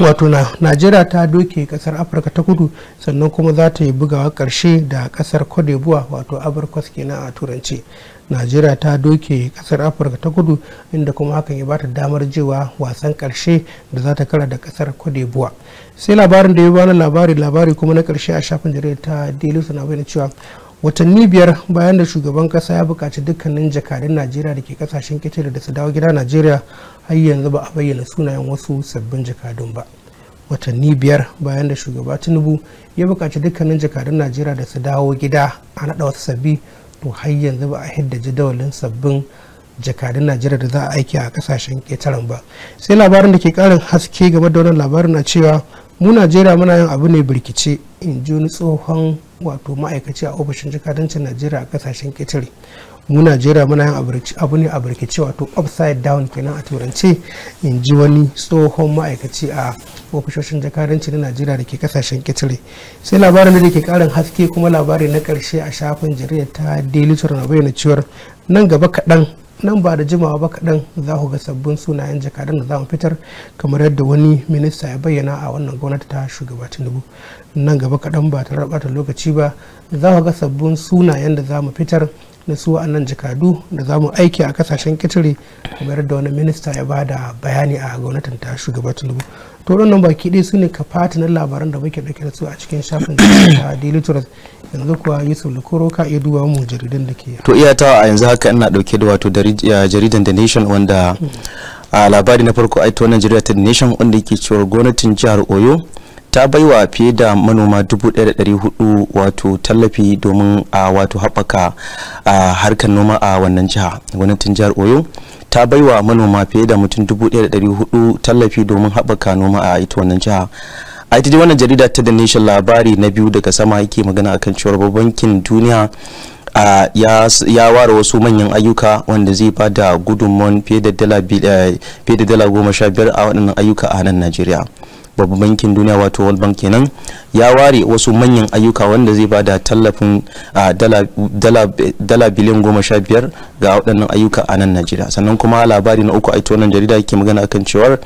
wato na najeriya ta doke kasar afirka ta kudu sannan kuma za ta yi bugawa karshe da kasar cote wato abarkwas kenan a turanci najeriya ta doke kasar afirka ta kudu inda kuma hakan ya bata damar jewa wasan karshe da za ta kara da kasar cote sai labarin da ya wani labari labari kuma na karshe a shafin jaridar ta daily na bayyana cewa watanni biyar bayan da shugaban kasa ya buƙaci dukkanin jakadun najeriya da ke kasashen ƙetare da su dawo gida najeriya har yanzu ba a bayyana sunayen wasu sabbin jakadun ba watanni biyar bayan da shugaba tinubu ya buƙaci dukkanin jakadun najeriya da su dawo gida a naɗa wasu sabbi to har yanzu ba a hidda jadawalin sabbin jakadun najeriya da za a aiki a kasashen ƙetaren ba sai labarin da ke ƙarin haske game da wannan labarin na cewa mu najeriya muna yin abu ne birkice in ji wani tsohon wato ma'aikaci a ofishin jikadancin najeriya a kasashen ƙetare mu najeriya muna yin abu ne a birkice wato upside down kenan a turance in ji wani tsohon ma'aikaci a ofishoshin jakadanci na najeriya da ke kasashen ƙetare sai labarin da ke karin haske kuma labari na karshe a shafin jaridar ta daily na bayyana cewar nan gaba kaɗan nan ba da jimawa ba kaɗan za ku ga sabbin sunayen jakadan da za mu fitar kamar yadda wani minista ya bayyana a wannan gwamnati ta shugaba tinubu nan gaba kaɗan ba tare da lokaci ba za ku ga sabbin sunayen da za mu fitar na su wa'annan jakadu da za mu aiki a kasashen kitire kamar yadda wani minista ya ba da bayani a gwamnatin ta shugaba tinubu to wannan baki ɗaya su ne ka fata na labaran da muke ɗauke da su a cikin shafin daily trust yanzu kuwa yusuf lukuro ka iya duba mu jaridan da ke to iya ta a yanzu haka ina ɗauke da wato jaridan the nation wanda a labari na farko aito wannan jaridan ta the nation wanda yake cewa gwamnatin jihar oyo ta baiwa fiye da manoma 1,400 wato tallafi domin a wato haɓaka harkar noma a wannan jiha gwamnatin jihar oyo ta baiwa manoma fiye da mutum 1,400 tallafi domin haɓaka noma a ita wannan jiha a ita wannan jarida ta da nishin labari na biyu daga sama yake magana akan cewar bankin duniya ya, ya ware wasu manyan ayyuka wanda zai ba da gudunmuwan eh, fiye da dala goma sha biyar a waɗannan ayyuka a nan najeriya babban bankin duniya wato world bank kenan ya ware wasu manyan ayyuka wanda zai bada tallafin dala biliyan goma sha biyar ga waɗannan ayyuka a nan najeriya sannan kuma labari na uku a ito wannan jarida ke magana akan cewar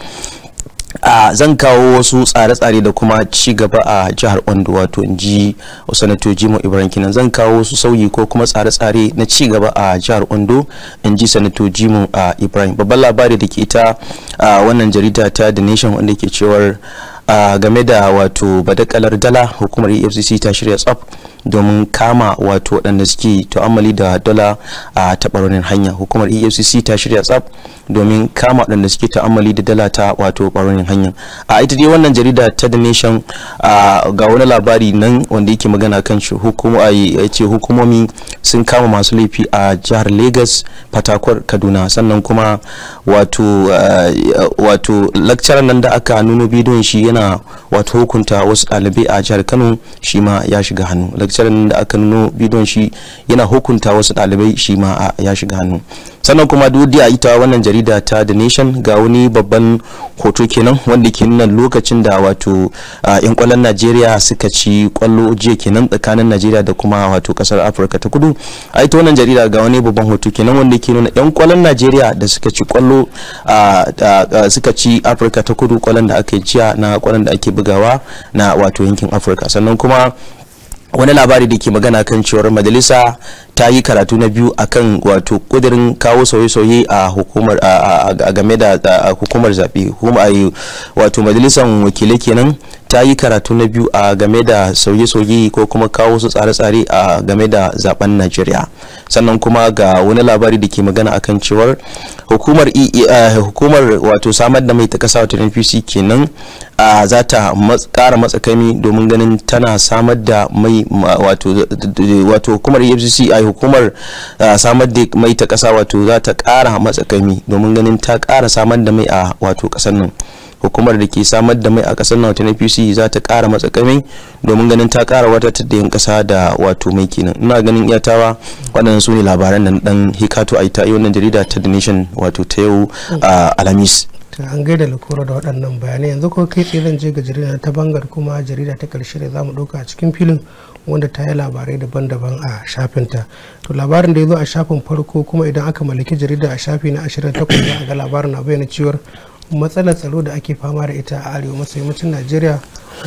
a zan kawo wasu tsare-tsare da kuma ci gaba a jihar ondo wato in ji sanato jimo ibrahim kinan zan kawo wasu sauyi ko kuma tsare-tsare na ci gaba a jihar ondo in ji sanato jimo ibrahim babban labari da ke ita wannan jarida ta the nation wanda ke cewar game da wato badakalar dala hukumar efcc ta shirya tsaf domin kama wato waɗanda suke tu'ammali da dala a taɓaronin hanya hukumar efcc ta shirya tsaf domin kama waɗanda suke ta'ammali da dala ta wato ɓaronin hanya a ita dai wannan jarida ta the nation ga wani labari nan wanda yake magana kan shi ce hukumomi sun kama masu laifi a jihar lagos fatakwar kaduna sannan kuma wato wato nan da aka nuno bidiyon shi yana wato hukunta wasu ɗalibai a jihar kano shi ma ya shiga hannu lecturer da aka nuno bidiyon shi yana hukunta wasu ɗalibai shi ma a ya shiga hannu sannan kuma dudi a ita wannan jarida ta the nation ga wani babban hoto kenan wanda ke nuna lokacin da wato yan kwallon najeriya suka ci kwallo jiya kenan tsakanin najeriya da kuma wato kasar afirka ta kudu a ita wannan jarida ga wani babban hoto kenan wanda ke nuna yan kwallon najeriya da suka ci kwallo suka ci afirka ta kudu kwallon da aka yi jiya na kwallon da ake bugawa na wato yankin afirka sannan kuma wani labari da ke magana kan cewar majalisa ta yi karatu na biyu akan wato kudirin kawo sauye-sauye a game da hukumar zaɓe wato majalisar wakilai kenan ta yi karatu na biyu a game da sauye-sauye ko kuma kawo su tsare-tsare a game da zaben najeriya sannan kuma ga wani labari da ke magana akan cewar hukumar e e, eh, hukumar wato samar da mai ta kasa wato npc kenan a za ta kara matsakami domin ganin tana samar da mai wato hukumar efcc a hukumar samar da mai ta kasa wato za ta kara matsakami domin ganin ta kara samar da mai a wato kasar nan hukumar da ke samar da mai a kasar nan na pc za ta kara matsakami domin ganin ta kara wata tattayin kasa da wato mai kenan ina ganin iyatawa waɗannan su ne labaran nan dan hikato a ita wannan jarida ta the nation wato ta yau alhamis an gaida lakura da waɗannan bayanai yanzu ko kai tsaye zan je ga jarida ta bangar kuma jarida ta karshe da zamu ɗauka a cikin filin wanda ta yi labarai daban-daban a shafinta to labarin da ya zo a shafin farko kuma idan aka mallaki jarida a shafi na 28 za a ga labarin na bayyana cewar matsalar tsaro da ake fama da ita a arewa maso yammacin najeriya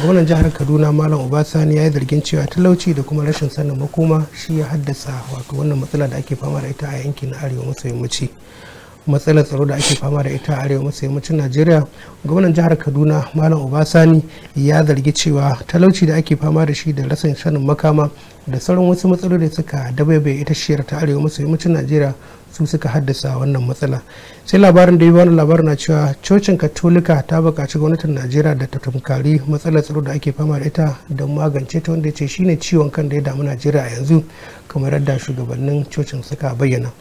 gwamnan jihar kaduna malam obasani ya yi zargin cewa talauci da kuma rashin sanin makoma shi ya haddasa wato wannan matsala da ake fama da ita a yankin arewa maso yammaci matsalar tsaro da ake fama da ita a arewa maso yammacin najeriya gwamnan jihar kaduna malam obasani ya zargi cewa talauci da ake fama da shi da rashin sanin makama da sauran wasu matsaloli suka dabaibaye ita shiyar ta arewa maso yammacin najeriya su suka haddasa wannan matsala sai labarin da ya wani labarin na cewa cocin katolika ta buƙaci gwamnatin najeriya da ta tunkari matsalar tsaro da ake fama da ita don magance ta wanda ya ce shine ciwon kan da ya damu najeriya a yanzu kamar yadda shugabannin cocin suka bayyana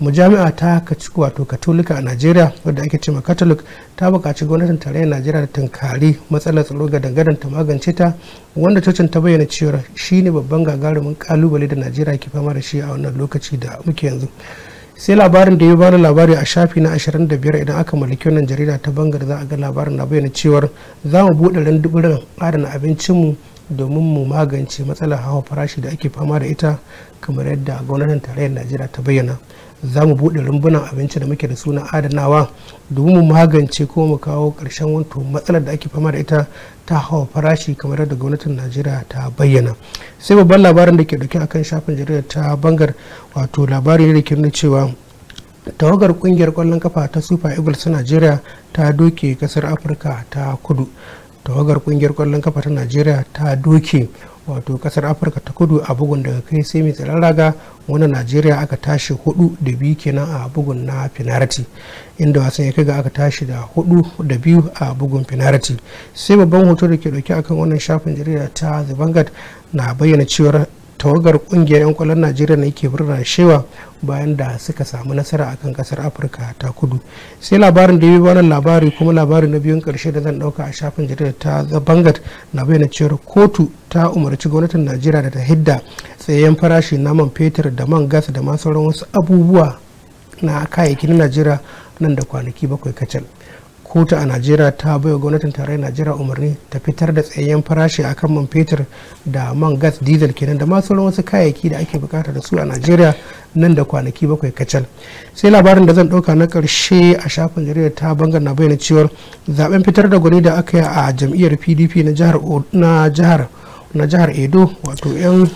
mujami'a ta kaciku wato katolika a najeriya wadda ake cewa catholic ta buƙaci gwamnatin tarayyar najeriya da tunkari matsalar tsaro ga dangaren ta magance ta wanda cocin ta bayyana cewa shine babban gagarumin kalubale da najeriya ke fama da shi a wannan lokaci da muke yanzu sai labarin da ya bani labari a shafi na 25 idan aka mallaki wannan jarida ta bangar za a ga labarin na bayyana cewar za mu buɗe randuburan adana abincinmu domin mu magance matsalar hawa farashi da ake fama da ita kamar yadda gwamnatin tarayyar najeriya ta bayyana za mu buɗe rumbunan abinci da muke da suna adanawa domin mu magance kuma mu kawo ƙarshen wato matsalar da ake fama da ita ta hawa farashi kamar yadda gwamnatin najeriya ta bayyana sai babban labarin da ke dauke akan shafin jaridar ta bangar wato labari ne da ke nuna cewa tawagar ƙungiyar kwallon kafa ta super eagles ta najeriya ta doke ƙasar afirka ta kudu tawagar kungiyar kwallon kafa ta najeriya ta doke wato kasar afirka ta kudu a bugun daga kai sai mai tsaron raga wanda najeriya aka tashi hudu da biyu kenan a bugun na finarati inda wasan ya kaga aka tashi da hudu da biyu a bugun finarati sai babban hoto da ke dauke akan wannan shafin jarida ta the vanguard na bayyana cewar tawagar kungiyar 'yan kwallon najeriya ne ke birra shewa bayan da suka samu nasara akan kasar afirka ta kudu sai labarin da ya wannan labari kuma labari na biyun karshe da zan dauka a shafin jaridar ta the na bayyana cewar kotu ta umarci gwamnatin najeriya da ta hidda tsayayyen farashi na man fetur da man gas da ma sauran wasu abubuwa na kayayyakin najeriya nan da kwanaki bakwai kacal kota a najeriya ta baiwa gwamnatin tarayyar najeriya umarni ta fitar da tsayayyen farashi akan man fetur da man gas diesel kenan da masu wasu kayayyaki da ake bukata da su a najeriya nan da kwanaki bakwai kacal sai labarin da zan ɗauka na karshe a shafin jaridar ta bangar na bayyana cewar zaben fitar da gwani da aka yi a jam'iyyar pdp na jihar na jihar na jihar edo wato yan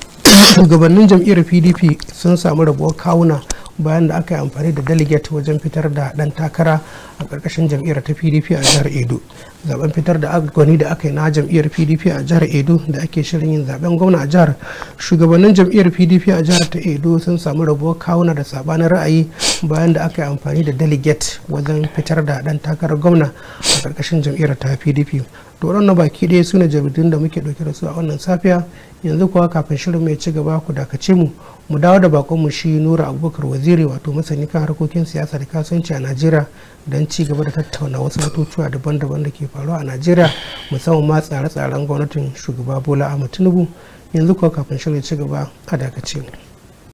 shugabannin jam'iyyar pdp sun samu rabuwar kawuna bayan da aka yi amfani da delegate wajen fitar da dan takara a ƙarƙashin jam'iyyar ta pdp a jihar edo zaben fitar da gwani da aka yi na jam'iyyar pdp a jihar edo da ake shirin yin zaben gwamna a jihar shugabannin jam'iyyar pdp a jihar ta edo sun samu rabuwar kawuna da sabanin ra'ayi bayan da aka yi amfani da delegate wajen fitar da dan takarar gwamna a karkashin jam'iyyar ta pdp to na baki ɗaya su ne jaridun da muke ɗauke da su a wannan safiya yanzu kuwa kafin shirin mai ci gaba ku dakace mu mu dawo da bakon mu shi nura abubakar waziri wato masani kan harkokin siyasa da kasuwanci a najeriya don ci gaba da tattauna wasu batutuwa daban-daban da ke faruwa a najeriya musamman ma tsare-tsaren gwamnatin shugaba bola ahmad tinubu yanzu kuwa kafin shirya ci gaba a dakace mu